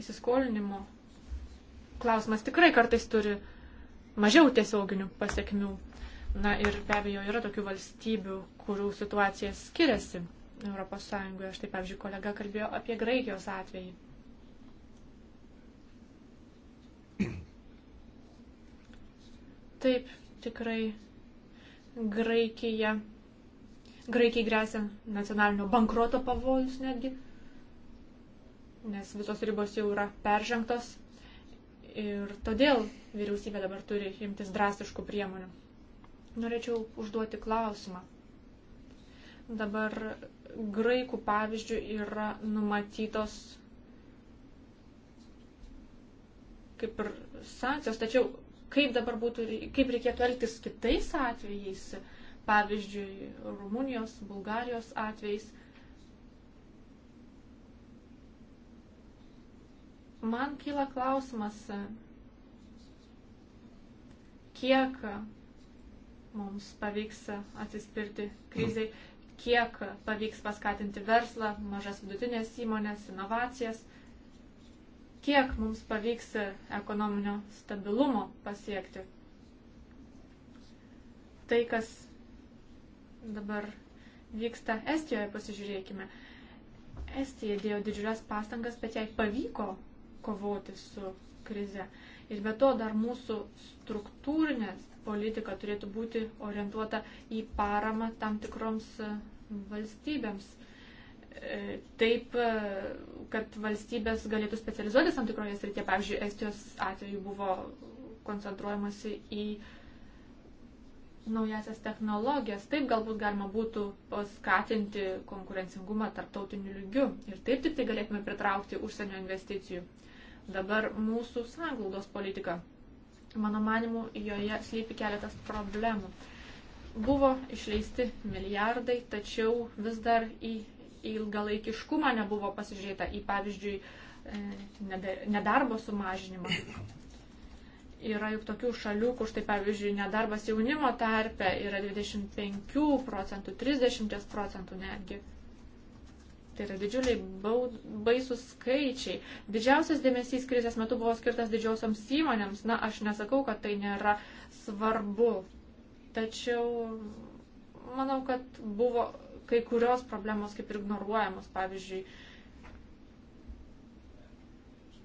[SPEAKER 3] įsiskolinimo klausimas tikrai kartais turi mažiau tiesioginių pasiekmių. Na ir be abejo yra tokių valstybių, kurių situacija skiriasi. Europos Sąjungoje. Štai, pavyzdžiui, kolega kalbėjo apie Graikijos atvejį. <clears throat> Taip, tikrai Graikija. Graikijai grėsia nacionalinio bankroto pavojus netgi, nes visos ribos jau yra peržengtos ir todėl vyriausybė dabar turi imtis drastiškų priemonių. Norėčiau užduoti klausimą. Dabar graikų pavyzdžių yra numatytos kaip ir sankcijos, tačiau kaip dabar būtų, kaip reikėtų elgtis kitais atvejais, pavyzdžiui, Rumunijos, Bulgarijos atvejais. Man kyla klausimas, kiek mums pavyks atsispirti kriziai. Mm kiek pavyks paskatinti verslą, mažas vidutinės įmonės, inovacijas, kiek mums pavyks ekonominio stabilumo pasiekti. Tai, kas dabar vyksta Estijoje, pasižiūrėkime. Estija dėjo didžiulės pastangas, bet jai pavyko kovoti su krize. Ir be to dar mūsų struktūrinės politika turėtų būti orientuota į paramą tam tikroms e, valstybėms. E, taip, e, kad valstybės galėtų specializuotis tam tikroje srityje. Pavyzdžiui, Estijos atveju buvo koncentruojamasi į naujasias technologijas. Taip galbūt galima būtų paskatinti konkurencingumą tarptautiniu lygiu ir taip tik tai galėtume pritraukti užsienio investicijų. Dabar mūsų sanglaudos politika Mano manimu, joje slypi keletas problemų. Buvo išleisti milijardai, tačiau vis dar į ilgalaikiškumą nebuvo pasižiūrėta, į pavyzdžiui, e, nedarbo sumažinimą. Yra juk tokių šalių, kur štai pavyzdžiui nedarbas jaunimo tarpe yra 25 procentų, 30 procentų netgi. Tai yra didžiuliai baud, baisus skaičiai. Didžiausias dėmesys krizės metu buvo skirtas didžiosioms įmonėms. Na, aš nesakau, kad tai nėra svarbu. Tačiau manau, kad buvo kai kurios problemos kaip ir ignoruojamos. Pavyzdžiui,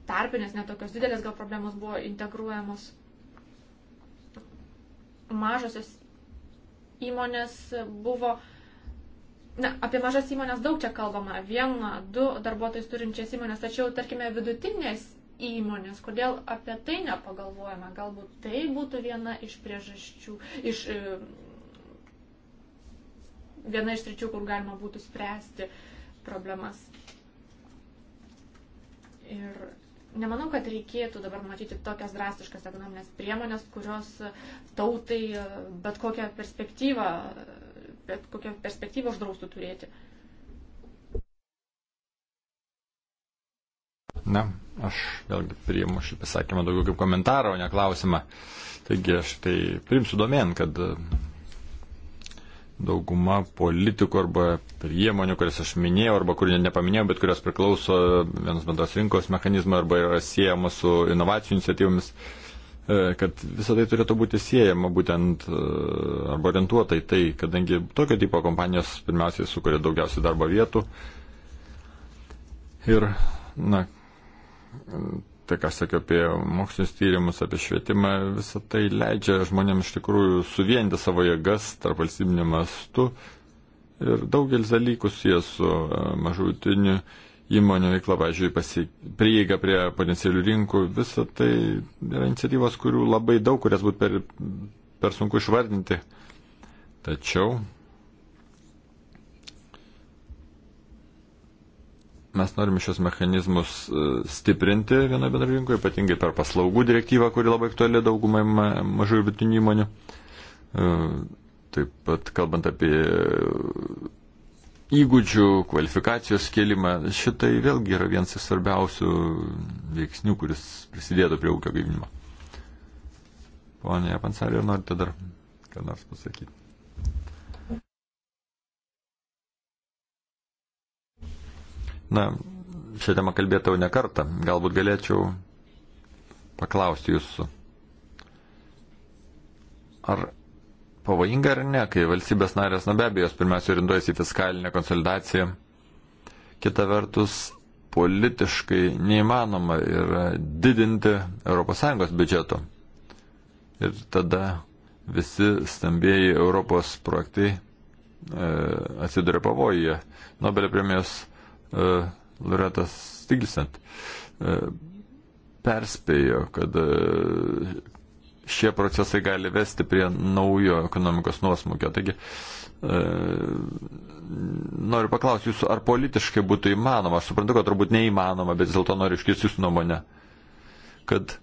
[SPEAKER 3] tarpinės netokios didelės gal problemos buvo integruojamos. Mažosios įmonės buvo Na, apie mažas įmonės daug čia kalbama, vieną, du darbuotojus turinčias įmonės, tačiau, tarkime, vidutinės įmonės, kodėl apie tai nepagalvojame, galbūt tai būtų viena iš priežasčių, iš, e, viena iš tričių, kur galima būtų spręsti problemas. Ir nemanau, kad reikėtų dabar matyti tokias drastiškas ekonominės priemonės, kurios tautai e, bet kokią perspektyvą bet kokią perspektyvą uždraustų turėti.
[SPEAKER 2] Na, aš vėlgi priimu šį pasakymą daugiau kaip komentarą, o ne klausimą. Taigi aš tai primsiu domen, kad dauguma politikų arba priemonių, kurias aš minėjau arba kurių nepaminėjau, bet kurios priklauso vienos bendros rinkos mechanizmai arba yra siejamos su inovacijų iniciatyvomis, uh, E, kad visą tai turėtų būti siejama būtent e, arba orientuota į tai, kadangi tokio tipo kompanijos pirmiausiai sukuria daugiausiai darbo vietų. Ir, na, tai ką sakiau apie mokslinius tyrimus, apie švietimą, visą tai leidžia žmonėms iš tikrųjų suvienyti savo jėgas tarp valstybinio mastu. Ir daugelis dalykų susijęs su e, mažutiniu įmonių veikla, pažiūrėjau, prieiga prie potencialių rinkų, visa tai yra iniciatyvos, kurių labai daug, kurias būtų per, per sunku išvardinti. Tačiau mes norime šios mechanizmus e, stiprinti vienoje bendroje rinkoje, ypatingai per paslaugų direktyvą, kuri labai aktuali daugumai mažų ir vidutinių įmonių. E, taip pat kalbant apie įgūdžių, kvalifikacijos kelimą. Šitai vėlgi yra vienas iš svarbiausių veiksnių, kuris prisidėtų prie ūkio gaivinimo. Pone Pansarė, ar norite dar ką nors pasakyti? Na, šią temą kalbėtau ne kartą. Galbūt galėčiau paklausti jūsų. Ar pavojinga ar ne, kai valstybės narės, na be abejo, jos pirmiausia orientuojasi į fiskalinę konsolidaciją. Kita vertus, politiškai neįmanoma yra didinti ES biudžeto. Ir tada visi stambėjai Europos projektai e, atsiduria pavojuje. Nobelio premijos e, laureatas Stiglisant e, perspėjo, kad e, šie procesai gali vesti prie naujo ekonomikos nuosmukio. Taigi, e, noriu paklausti jūsų, ar politiškai būtų įmanoma, aš suprantu, kad turbūt neįmanoma, bet vis dėlto noriu iškirsti jūsų nuomonę, kad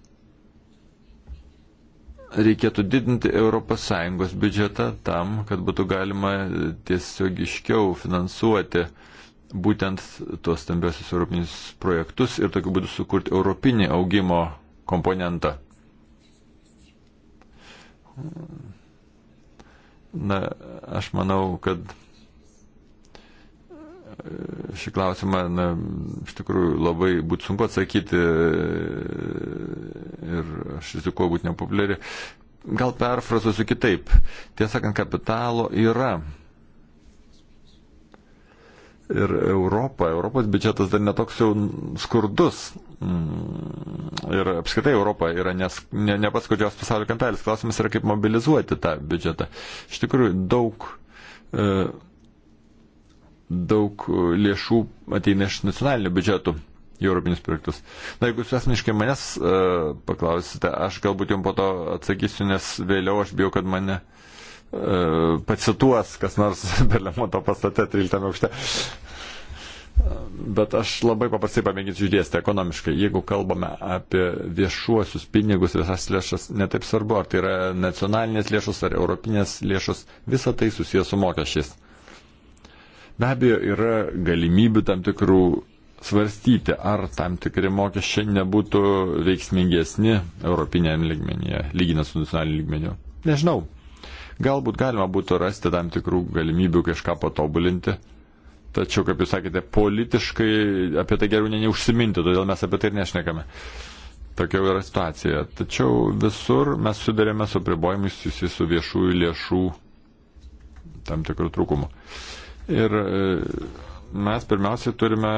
[SPEAKER 2] reikėtų didinti ES biudžetą tam, kad būtų galima tiesiogiškiau finansuoti būtent tuos stambiosius europinius projektus ir tokiu būdu sukurti europinį augimo komponentą. Na, aš manau, kad e, šį klausimą, na, iš tikrųjų, labai būtų sunku atsakyti e, ir aš rizikuoju būti nepopuliari. Gal perfrazuosiu kitaip. Tiesą sakant, kapitalo yra ir Europą. Europos biudžetas dar netoks jau skurdus. Mm, ir apskritai Europa yra nes, ne, ne pats kodžios pasaulio kampelis. Klausimas yra, kaip mobilizuoti tą biudžetą. Iš tikrųjų, daug, e, daug lėšų ateina iš nacionalinių biudžetų į europinius projektus. Na, jeigu jūs asmeniškai manęs e, paklausite, aš galbūt jums po to atsakysiu, nes vėliau aš bijau, kad mane e, E, pacituos kas nors <laughs> Berlemonto pastate 13 aukšte. Bet aš labai paprastai pamėginsiu išdėsti ekonomiškai. Jeigu kalbame apie viešuosius pinigus, visas lėšas, netaip svarbu, ar tai yra nacionalinės lėšos ar europinės lėšos, visa tai susijęs su mokesčiais. Be abejo, yra galimybių tam tikrų svarstyti, ar tam tikri mokesčiai nebūtų veiksmingesni europinėm lygmenyje, lyginant su nacionaliniu lygmeniu. Nežinau, Galbūt galima būtų rasti tam tikrų galimybių kažką patobulinti. Tačiau, kaip jūs sakėte, politiškai apie tai geriau ne neužsiminti, todėl mes apie tai ir nešnekame. Tokia yra situacija. Tačiau visur mes sudarėme su pribojimais susijusiu su viešųjų lėšų tam tikrų trūkumų. Ir e, mes pirmiausiai turime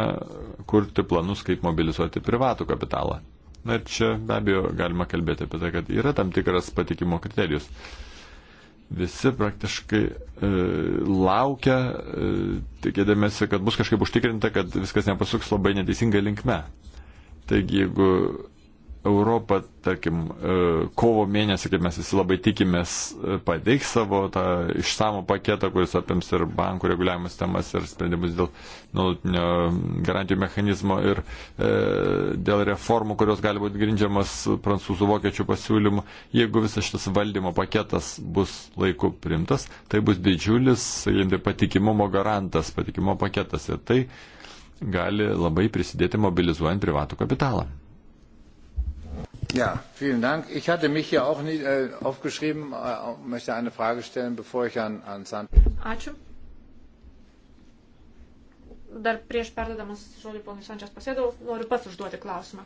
[SPEAKER 2] kurti planus, kaip mobilizuoti privatų kapitalą. Na ir čia be abejo galima kalbėti apie tai, kad yra tam tikras patikimo kriterijus visi praktiškai e, laukia, e, tikėdamėsi, kad bus kažkaip užtikrinta, kad viskas nepasuks labai neteisinga linkme. Taigi, jeigu Europa, tarkim, e, kovo mėnesį, kaip mes visi labai tikimės, e, pateiks savo tą išsamų paketą, kuris apims ir bankų reguliavimo sistemas ir sprendimus dėl nuolatinio garantijų mechanizmo ir e, dėl reformų, kurios gali būti grindžiamas prancūzų vokiečių pasiūlymų. Jeigu visas šitas valdymo paketas bus laiku primtas, tai bus didžiulis, sakykime, tai patikimumo garantas, patikimumo paketas ir tai gali labai prisidėti mobilizuojant privatų kapitalą. Ja, vielen Dank. Ich hatte mich hier auch nicht äh, aufgeschrieben, äh, möchte eine Frage stellen, bevor ich an, an Sandro.
[SPEAKER 3] Ačiū. Dar prieš perdodamas žodį ponui Sančias pasėdau, noriu pats užduoti klausimą.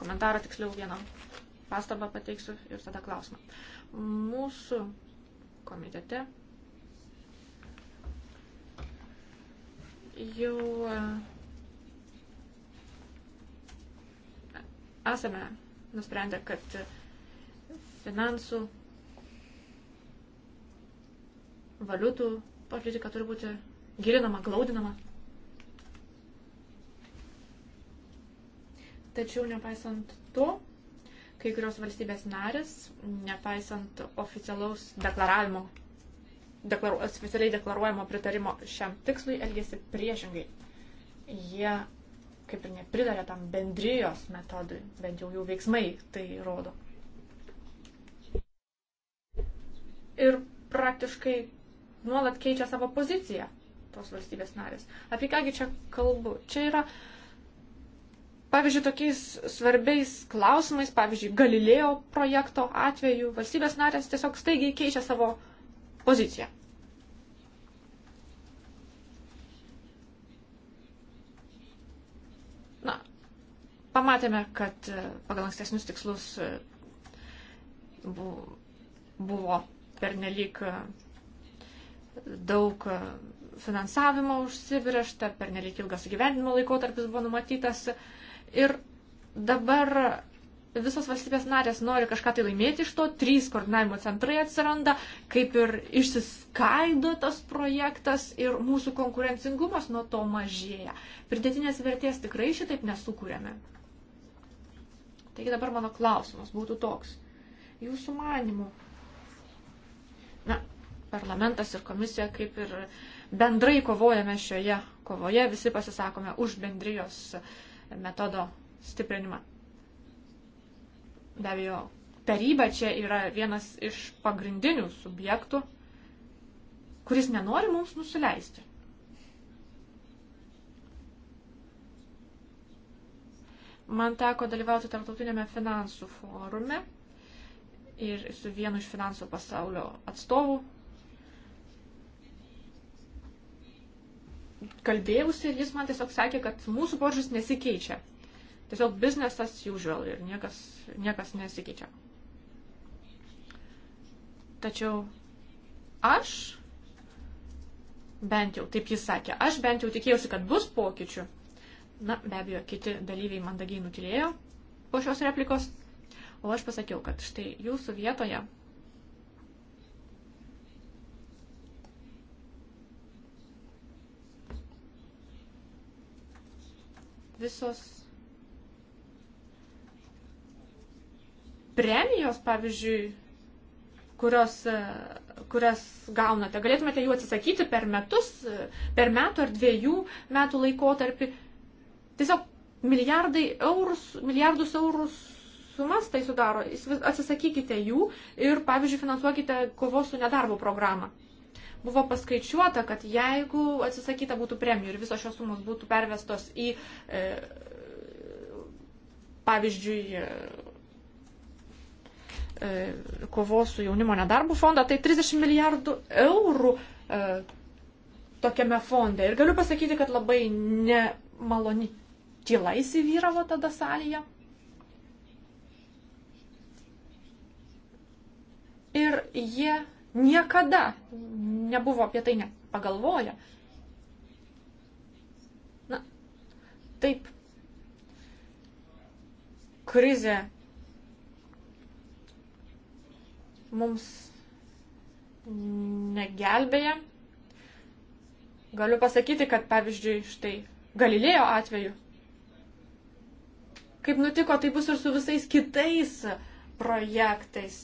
[SPEAKER 3] Komentarą tiksliau vieną pastabą pateiksiu ir tada klausimą. Mūsų komitete jau e, esame nusprendė, kad finansų, valiutų politika turi būti gilinama, glaudinama. Tačiau nepaisant to, kai kurios valstybės narės, nepaisant oficialaus deklaravimo, deklaru, oficialiai deklaruojamo pritarimo šiam tikslui, elgėsi priešingai. Jie kaip ir nepritarė tam bendrijos metodui, bent jau jų veiksmai tai rodo. Ir praktiškai nuolat keičia savo poziciją tos valstybės narės. Apie kągi čia kalbu? Čia yra, pavyzdžiui, tokiais svarbiais klausimais, pavyzdžiui, Galilėjo projekto atveju valstybės narės tiesiog staigiai keičia savo poziciją. Pamatėme, kad e, pagal ankstesnius tikslus e, buvo pernelyg e, daug finansavimo užsibriešta, pernelyg ilgas gyvenimo laikotarpis buvo numatytas. Ir dabar visos valstybės narės nori kažką tai laimėti iš to, trys koordinavimo centrai atsiranda, kaip ir išsiskaido tas projektas ir mūsų konkurencingumas nuo to mažėja. Pridėtinės vertės tikrai šitaip nesukūrėme. Taigi dabar mano klausimas būtų toks. Jūsų manimu, na, parlamentas ir komisija kaip ir bendrai kovojame šioje kovoje, visi pasisakome už bendrijos metodo stiprinimą. Be abejo, taryba čia yra vienas iš pagrindinių subjektų, kuris nenori mums nusileisti. Man teko dalyvauti tarptautinėme finansų forume ir su vienu iš finansų pasaulio atstovų kalbėjausi ir jis man tiesiog sakė, kad mūsų požiūris nesikeičia. Tiesiog business as usual ir niekas, niekas nesikeičia. Tačiau aš, bent jau, taip jis sakė, aš bent jau tikėjausi, kad bus pokyčių Na, be abejo, kiti dalyviai mandagiai nutilėjo po šios replikos, o aš pasakiau, kad štai jūsų vietoje visos premijos, pavyzdžiui, kurios, e, kurias gaunate, galėtumėte jų atsisakyti per metus, e, per metų ar dviejų metų laikotarpį, Tiesiog milijardai eurus, milijardus eurus sumas tai sudaro. Atsisakykite jų ir, pavyzdžiui, finansuokite kovos su nedarbo programą. Buvo paskaičiuota, kad jeigu atsisakyta būtų premijų ir visos šios sumos būtų pervestos į, e, pavyzdžiui, e, e kovos su jaunimo nedarbo fondą, tai 30 milijardų eurų e, tokiame fonde. Ir galiu pasakyti, kad labai nemaloni tyla įsivyravo tada salėje. Ir jie niekada nebuvo apie tai pagalvoję. Na, taip. Krizė mums negelbėja. Galiu pasakyti, kad pavyzdžiui, štai Galilėjo atveju Kaip nutiko, tai bus ir su visais kitais projektais.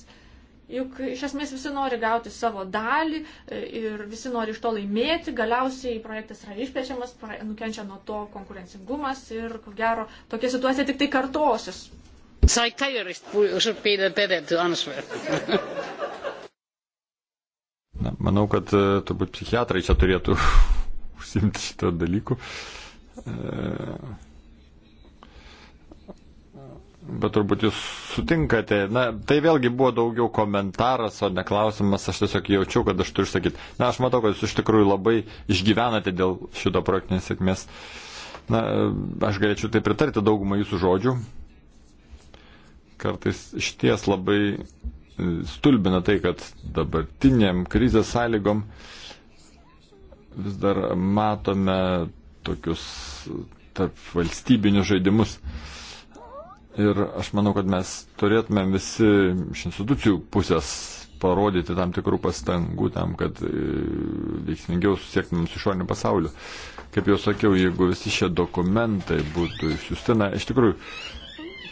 [SPEAKER 3] Juk iš esmės visi nori gauti savo dalį e, ir visi nori iš to laimėti, galiausiai projektas yra išplečiamas, nukenčia nuo to konkurencingumas ir, ko gero, tokia situacija tik tai kartosis.
[SPEAKER 2] Na, manau, kad e, turbūt psichiatrai čia turėtų <laughs> užsimti šitą dalykų. E... Bet turbūt jūs sutinkate. Na, tai vėlgi buvo daugiau komentaras, o ne klausimas. Aš tiesiog jaučiu, kad aš turiu sakyti. Na, aš matau, kad jūs iš tikrųjų labai išgyvenate dėl šito projektinės sėkmės. Na, aš galėčiau tai pritarti daugumą jūsų žodžių. Kartais išties labai e, stulbina tai, kad dabartiniam krizės sąlygom vis dar matome tokius tarp valstybinius žaidimus. Uh, Ir aš manau, kad mes turėtumėm visi iš institucijų pusės parodyti tam tikrų pastangų tam, kad e, veiksmingiau susiektumėm su išoriniu pasauliu. Kaip jau sakiau, jeigu visi šie dokumentai būtų išsiųsti, na, iš tikrųjų,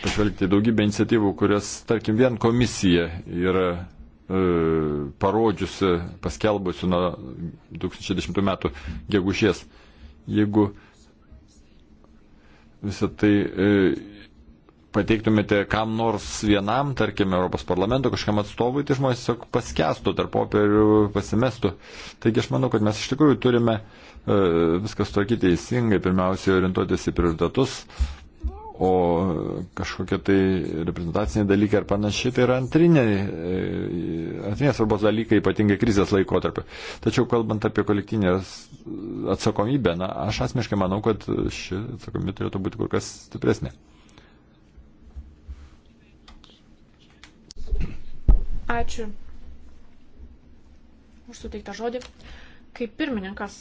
[SPEAKER 2] pažvelgti daugybę iniciatyvų, kurias, tarkim, vien komisija yra e, parodžiusi, paskelbusi nuo 2010 metų gegužės. Jeigu visą tai e, pateiktumėte kam nors vienam, tarkime, Europos parlamento kažkam atstovui, tai žmonės tiesiog paskestų tarp popierių, pasimestų. Taigi aš manau, kad mes iš tikrųjų turime e, viskas tvarkyti teisingai, pirmiausiai orientuotis į prioritetus, o kažkokie tai reprezentaciniai dalykai ar panašiai, tai yra antriniai, e, antriniai svarbos dalykai, ypatingai krizės laikotarpiu. Tačiau kalbant apie kolektyvinę atsakomybę, na, aš asmeniškai manau, kad ši atsakomybė turėtų būti kur kas stipresnė.
[SPEAKER 3] Ačiū už suteiktą žodį. Kaip pirmininkas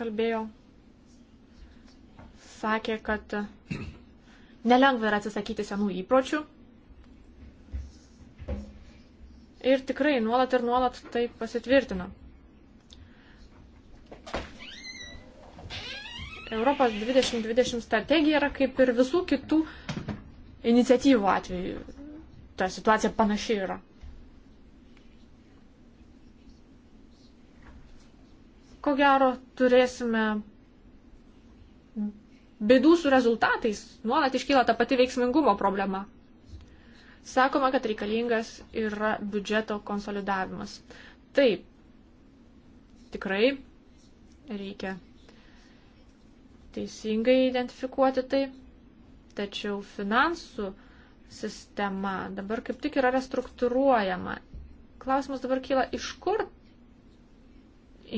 [SPEAKER 3] kalbėjo, sakė, kad nelengva yra atsisakyti senų įpročių. Ir tikrai nuolat ir nuolat tai pasitvirtina. Europos 2020 strategija yra kaip ir visų kitų iniciatyvų atveju ta situacija panaši yra. Ko gero, turėsime bėdų su rezultatais. Nuolat iškyla ta pati veiksmingumo problema. Sakoma, kad reikalingas yra biudžeto konsolidavimas. Taip, tikrai reikia teisingai identifikuoti tai, tačiau finansų sistema. Dabar kaip tik yra restruktūruojama. Klausimas dabar kyla, iš kur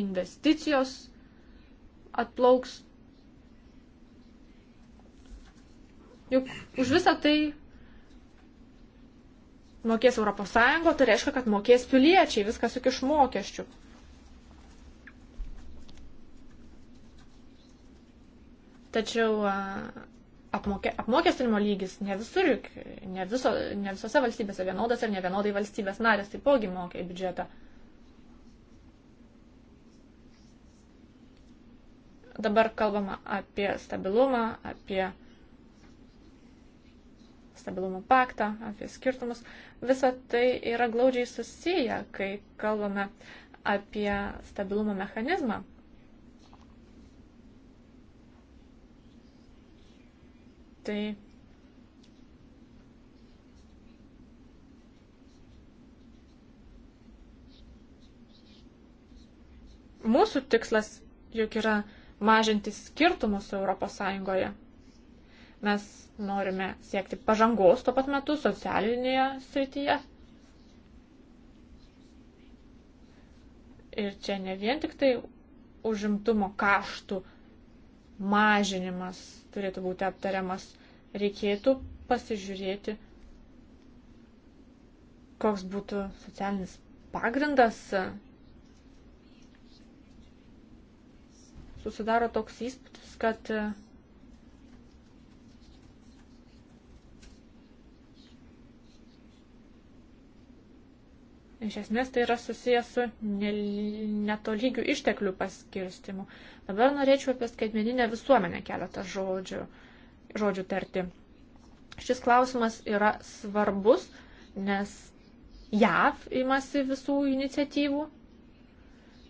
[SPEAKER 3] investicijos atplauks. Juk už visą tai mokės ES, tai reiškia, kad mokės piliečiai, viskas juk iš mokesčių. Tačiau apmokė, apmokestinimo lygis ne visur, ne, viso, ne visose valstybėse vienodas ir ne vienodai valstybės narės taipogi mokė į biudžetą. Dabar kalbama apie stabilumą, apie stabilumo paktą, apie skirtumus. Visa tai yra glaudžiai susiję, kai kalbame apie stabilumo mechanizmą, tai mūsų tikslas juk yra mažinti skirtumus Europos Sąjungoje. Mes norime siekti pažangos tuo pat metu socialinėje srityje. Ir čia ne vien tik tai užimtumo kaštų mažinimas turėtų būti aptariamas. Reikėtų pasižiūrėti, koks būtų socialinis pagrindas. Susidaro toks įspūdis, kad Iš esmės tai yra susijęs su netolygių išteklių paskirstimu. Dabar norėčiau apie skaitmeninę visuomenę keletą žodžių, žodžių tarti. Šis klausimas yra svarbus, nes JAV imasi visų iniciatyvų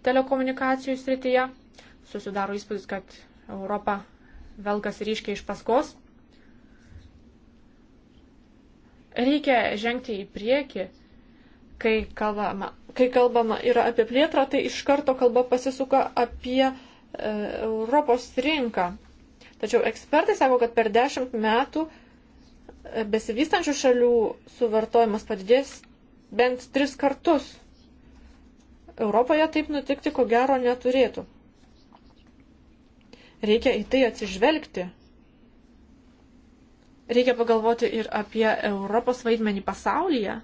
[SPEAKER 3] telekomunikacijų srityje. Susidaro įspūdis, kad Europa velkas ryškiai iš paskos. Reikia žengti į priekį Kai kalbama, kai kalbama yra apie plėtrą, tai iš karto kalba pasisuka apie e, Europos rinką. Tačiau ekspertai sako, kad per dešimt metų e, besivystančių šalių suvartojimas padidės bent tris kartus. Europoje taip nutikti ko gero neturėtų. Reikia į tai atsižvelgti. Reikia pagalvoti ir apie Europos vaidmenį pasaulyje.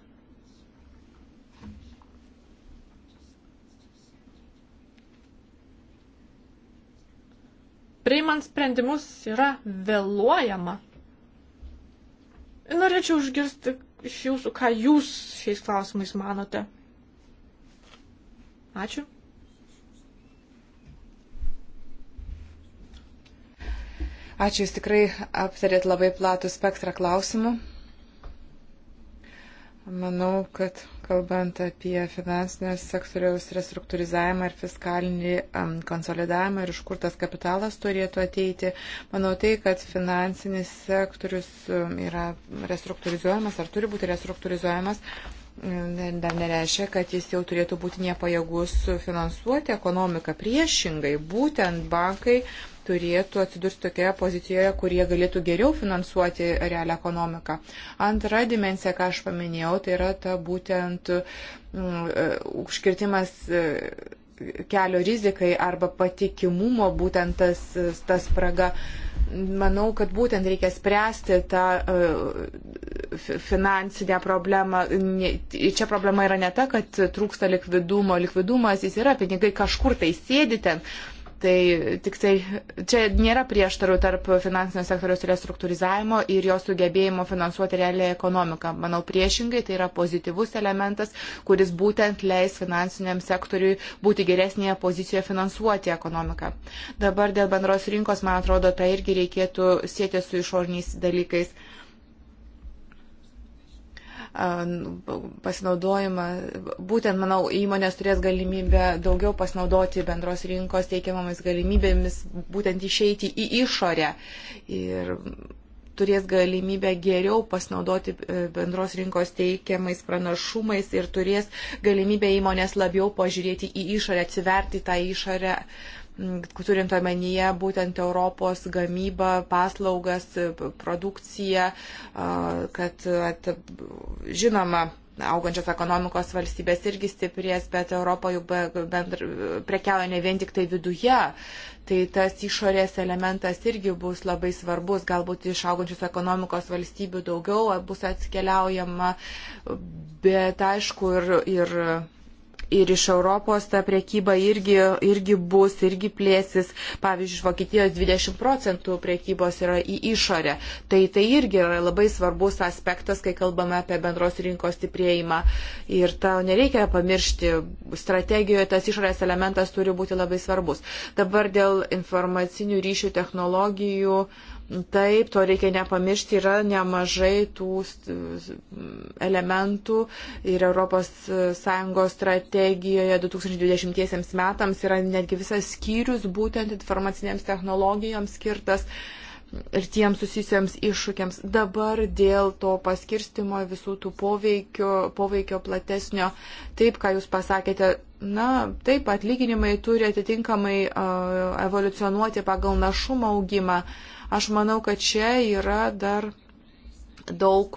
[SPEAKER 3] priimant sprendimus yra vėluojama. Norėčiau užgirsti iš jūsų, ką jūs šiais klausimais manote.
[SPEAKER 1] Ačiū. Ačiū, jūs tikrai aptarėt labai platų spektrą klausimų. Manau, kad kalbant apie finansinio sektoriaus restruktūrizavimą ir fiskalinį konsolidavimą ir iš kur tas kapitalas turėtų ateiti, manau tai, kad finansinis sektorius um, yra restruktūrizuojamas ar turi būti restruktūrizuojamas, dar um, nereiškia, kad jis jau turėtų būti nepajėgus finansuoti ekonomiką. Priešingai, būtent bankai turėtų atsidurti tokioje pozicijoje, kurie galėtų geriau finansuoti realią ekonomiką. Antra dimensija, ką aš paminėjau, tai yra ta būtent e, užkirtimas e, kelio rizikai arba patikimumo būtent tas, tas spraga. Manau, kad būtent reikia spręsti tą e, finansinę problemą. Čia problema yra ne ta, kad trūksta likvidumo. Likvidumas jis yra, pinigai kažkur tai sėdi ten, Tai tik tai čia nėra prieštarų tarp finansinio sektoriaus restruktūrizavimo ir jo sugebėjimo finansuoti realią ekonomiką. Manau, priešingai tai yra pozityvus elementas, kuris būtent leis finansiniam sektoriui būti geresnėje pozicijoje finansuoti ekonomiką. Dabar dėl bendros rinkos, man atrodo, tą irgi reikėtų sėti su išorniais dalykais pasinaudojimą, būtent, manau, įmonės turės galimybę daugiau pasinaudoti bendros rinkos teikiamomis galimybėmis, būtent išeiti į išorę ir turės galimybę geriau pasinaudoti e, bendros rinkos teikiamais pranašumais ir turės galimybę įmonės labiau pažiūrėti į išorę, atsiverti tą išorę turint omenyje būtent Europos gamybą, paslaugas, produkciją, kad at, žinoma, augančios ekonomikos valstybės irgi stiprės, bet Europa jau bendr, prekiauja ne vien tik tai viduje. Tai tas išorės elementas irgi bus labai svarbus. Galbūt iš augančios ekonomikos valstybių daugiau bus atskeliaujama, bet aišku ir. ir ir iš Europos ta priekyba irgi, irgi bus, irgi plėsis. Pavyzdžiui, iš Vokietijos 20 procentų priekybos yra į išorę. Tai tai irgi yra labai svarbus aspektas, kai kalbame apie bendros rinkos stiprėjimą. Ir to nereikia pamiršti. Strategijoje tas išorės elementas turi būti labai svarbus. Dabar dėl informacinių ryšių technologijų. Uh, Taip, to reikia nepamiršti, yra nemažai tų elementų ir ES strategijoje 2020 metams yra netgi visas skyrius būtent informacinėms technologijoms skirtas. Uh, ir tiems susijusiems iššūkiams. Dabar dėl to paskirstimo visų tų poveikio, poveikio platesnio, taip, ką jūs pasakėte, na, taip, atlyginimai turi atitinkamai uh, evoliucionuoti pagal našumo augimą. Aš manau, kad čia yra dar daug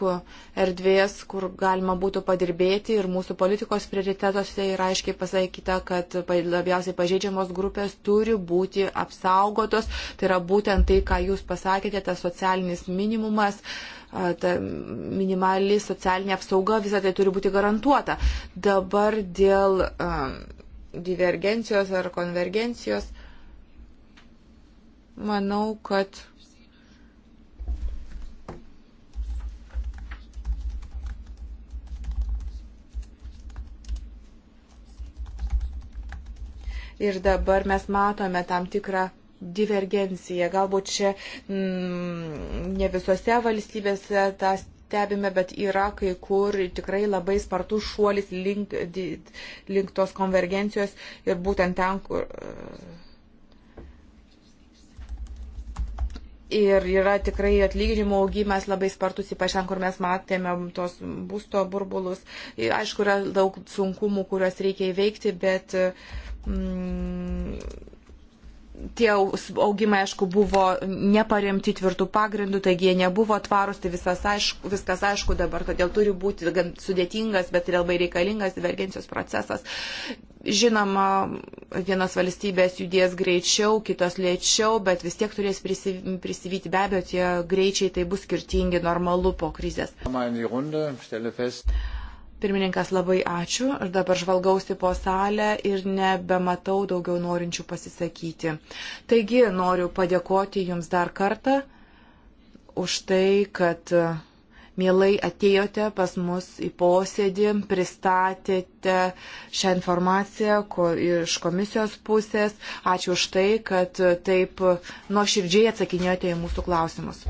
[SPEAKER 1] erdvės, kur galima būtų padirbėti ir mūsų politikos prioritetuose yra aiškiai pasakyta, kad labiausiai pažeidžiamos grupės turi būti apsaugotos. Tai yra būtent tai, ką jūs pasakėte, tas socialinis minimumas, ta minimali socialinė apsauga, visą tai turi būti garantuota. Dabar dėl divergencijos ar konvergencijos manau, kad ir dabar mes matome tam tikrą divergenciją. Galbūt čia mm, ne visose valstybėse tą stebime, bet yra kai kur tikrai labai spartus šuolis link, link tos konvergencijos ir būtent ten, kur. E, ir yra tikrai atlyginimų augimas labai spartus, ypač ten, kur mes matėme tos būsto burbulus. Aišku, yra daug sunkumų, kuriuos reikia įveikti, bet uh, Mm, tie augimai, aišku, buvo neparemti tvirtų pagrindų, taigi jie nebuvo tvarūs, tai visas aišku, viskas aišku dabar, todėl turi būti gan sudėtingas, bet labai reikalingas divergencijos procesas. Žinoma, vienas valstybės judės greičiau, kitos lėčiau, bet vis tiek turės prisivyti. Be abejo, tie greičiai tai bus skirtingi, normalu po krizės. Pirmininkas labai ačiū. Aš dabar žvalgausi po salę ir nebematau daugiau norinčių pasisakyti. Taigi noriu padėkoti Jums dar kartą už tai, kad uh, mielai atėjote pas mus į posėdį, pristatėte šią informaciją ko, iš komisijos pusės. Ačiū už tai, kad uh, taip
[SPEAKER 2] nuoširdžiai atsakinėjote į mūsų klausimus.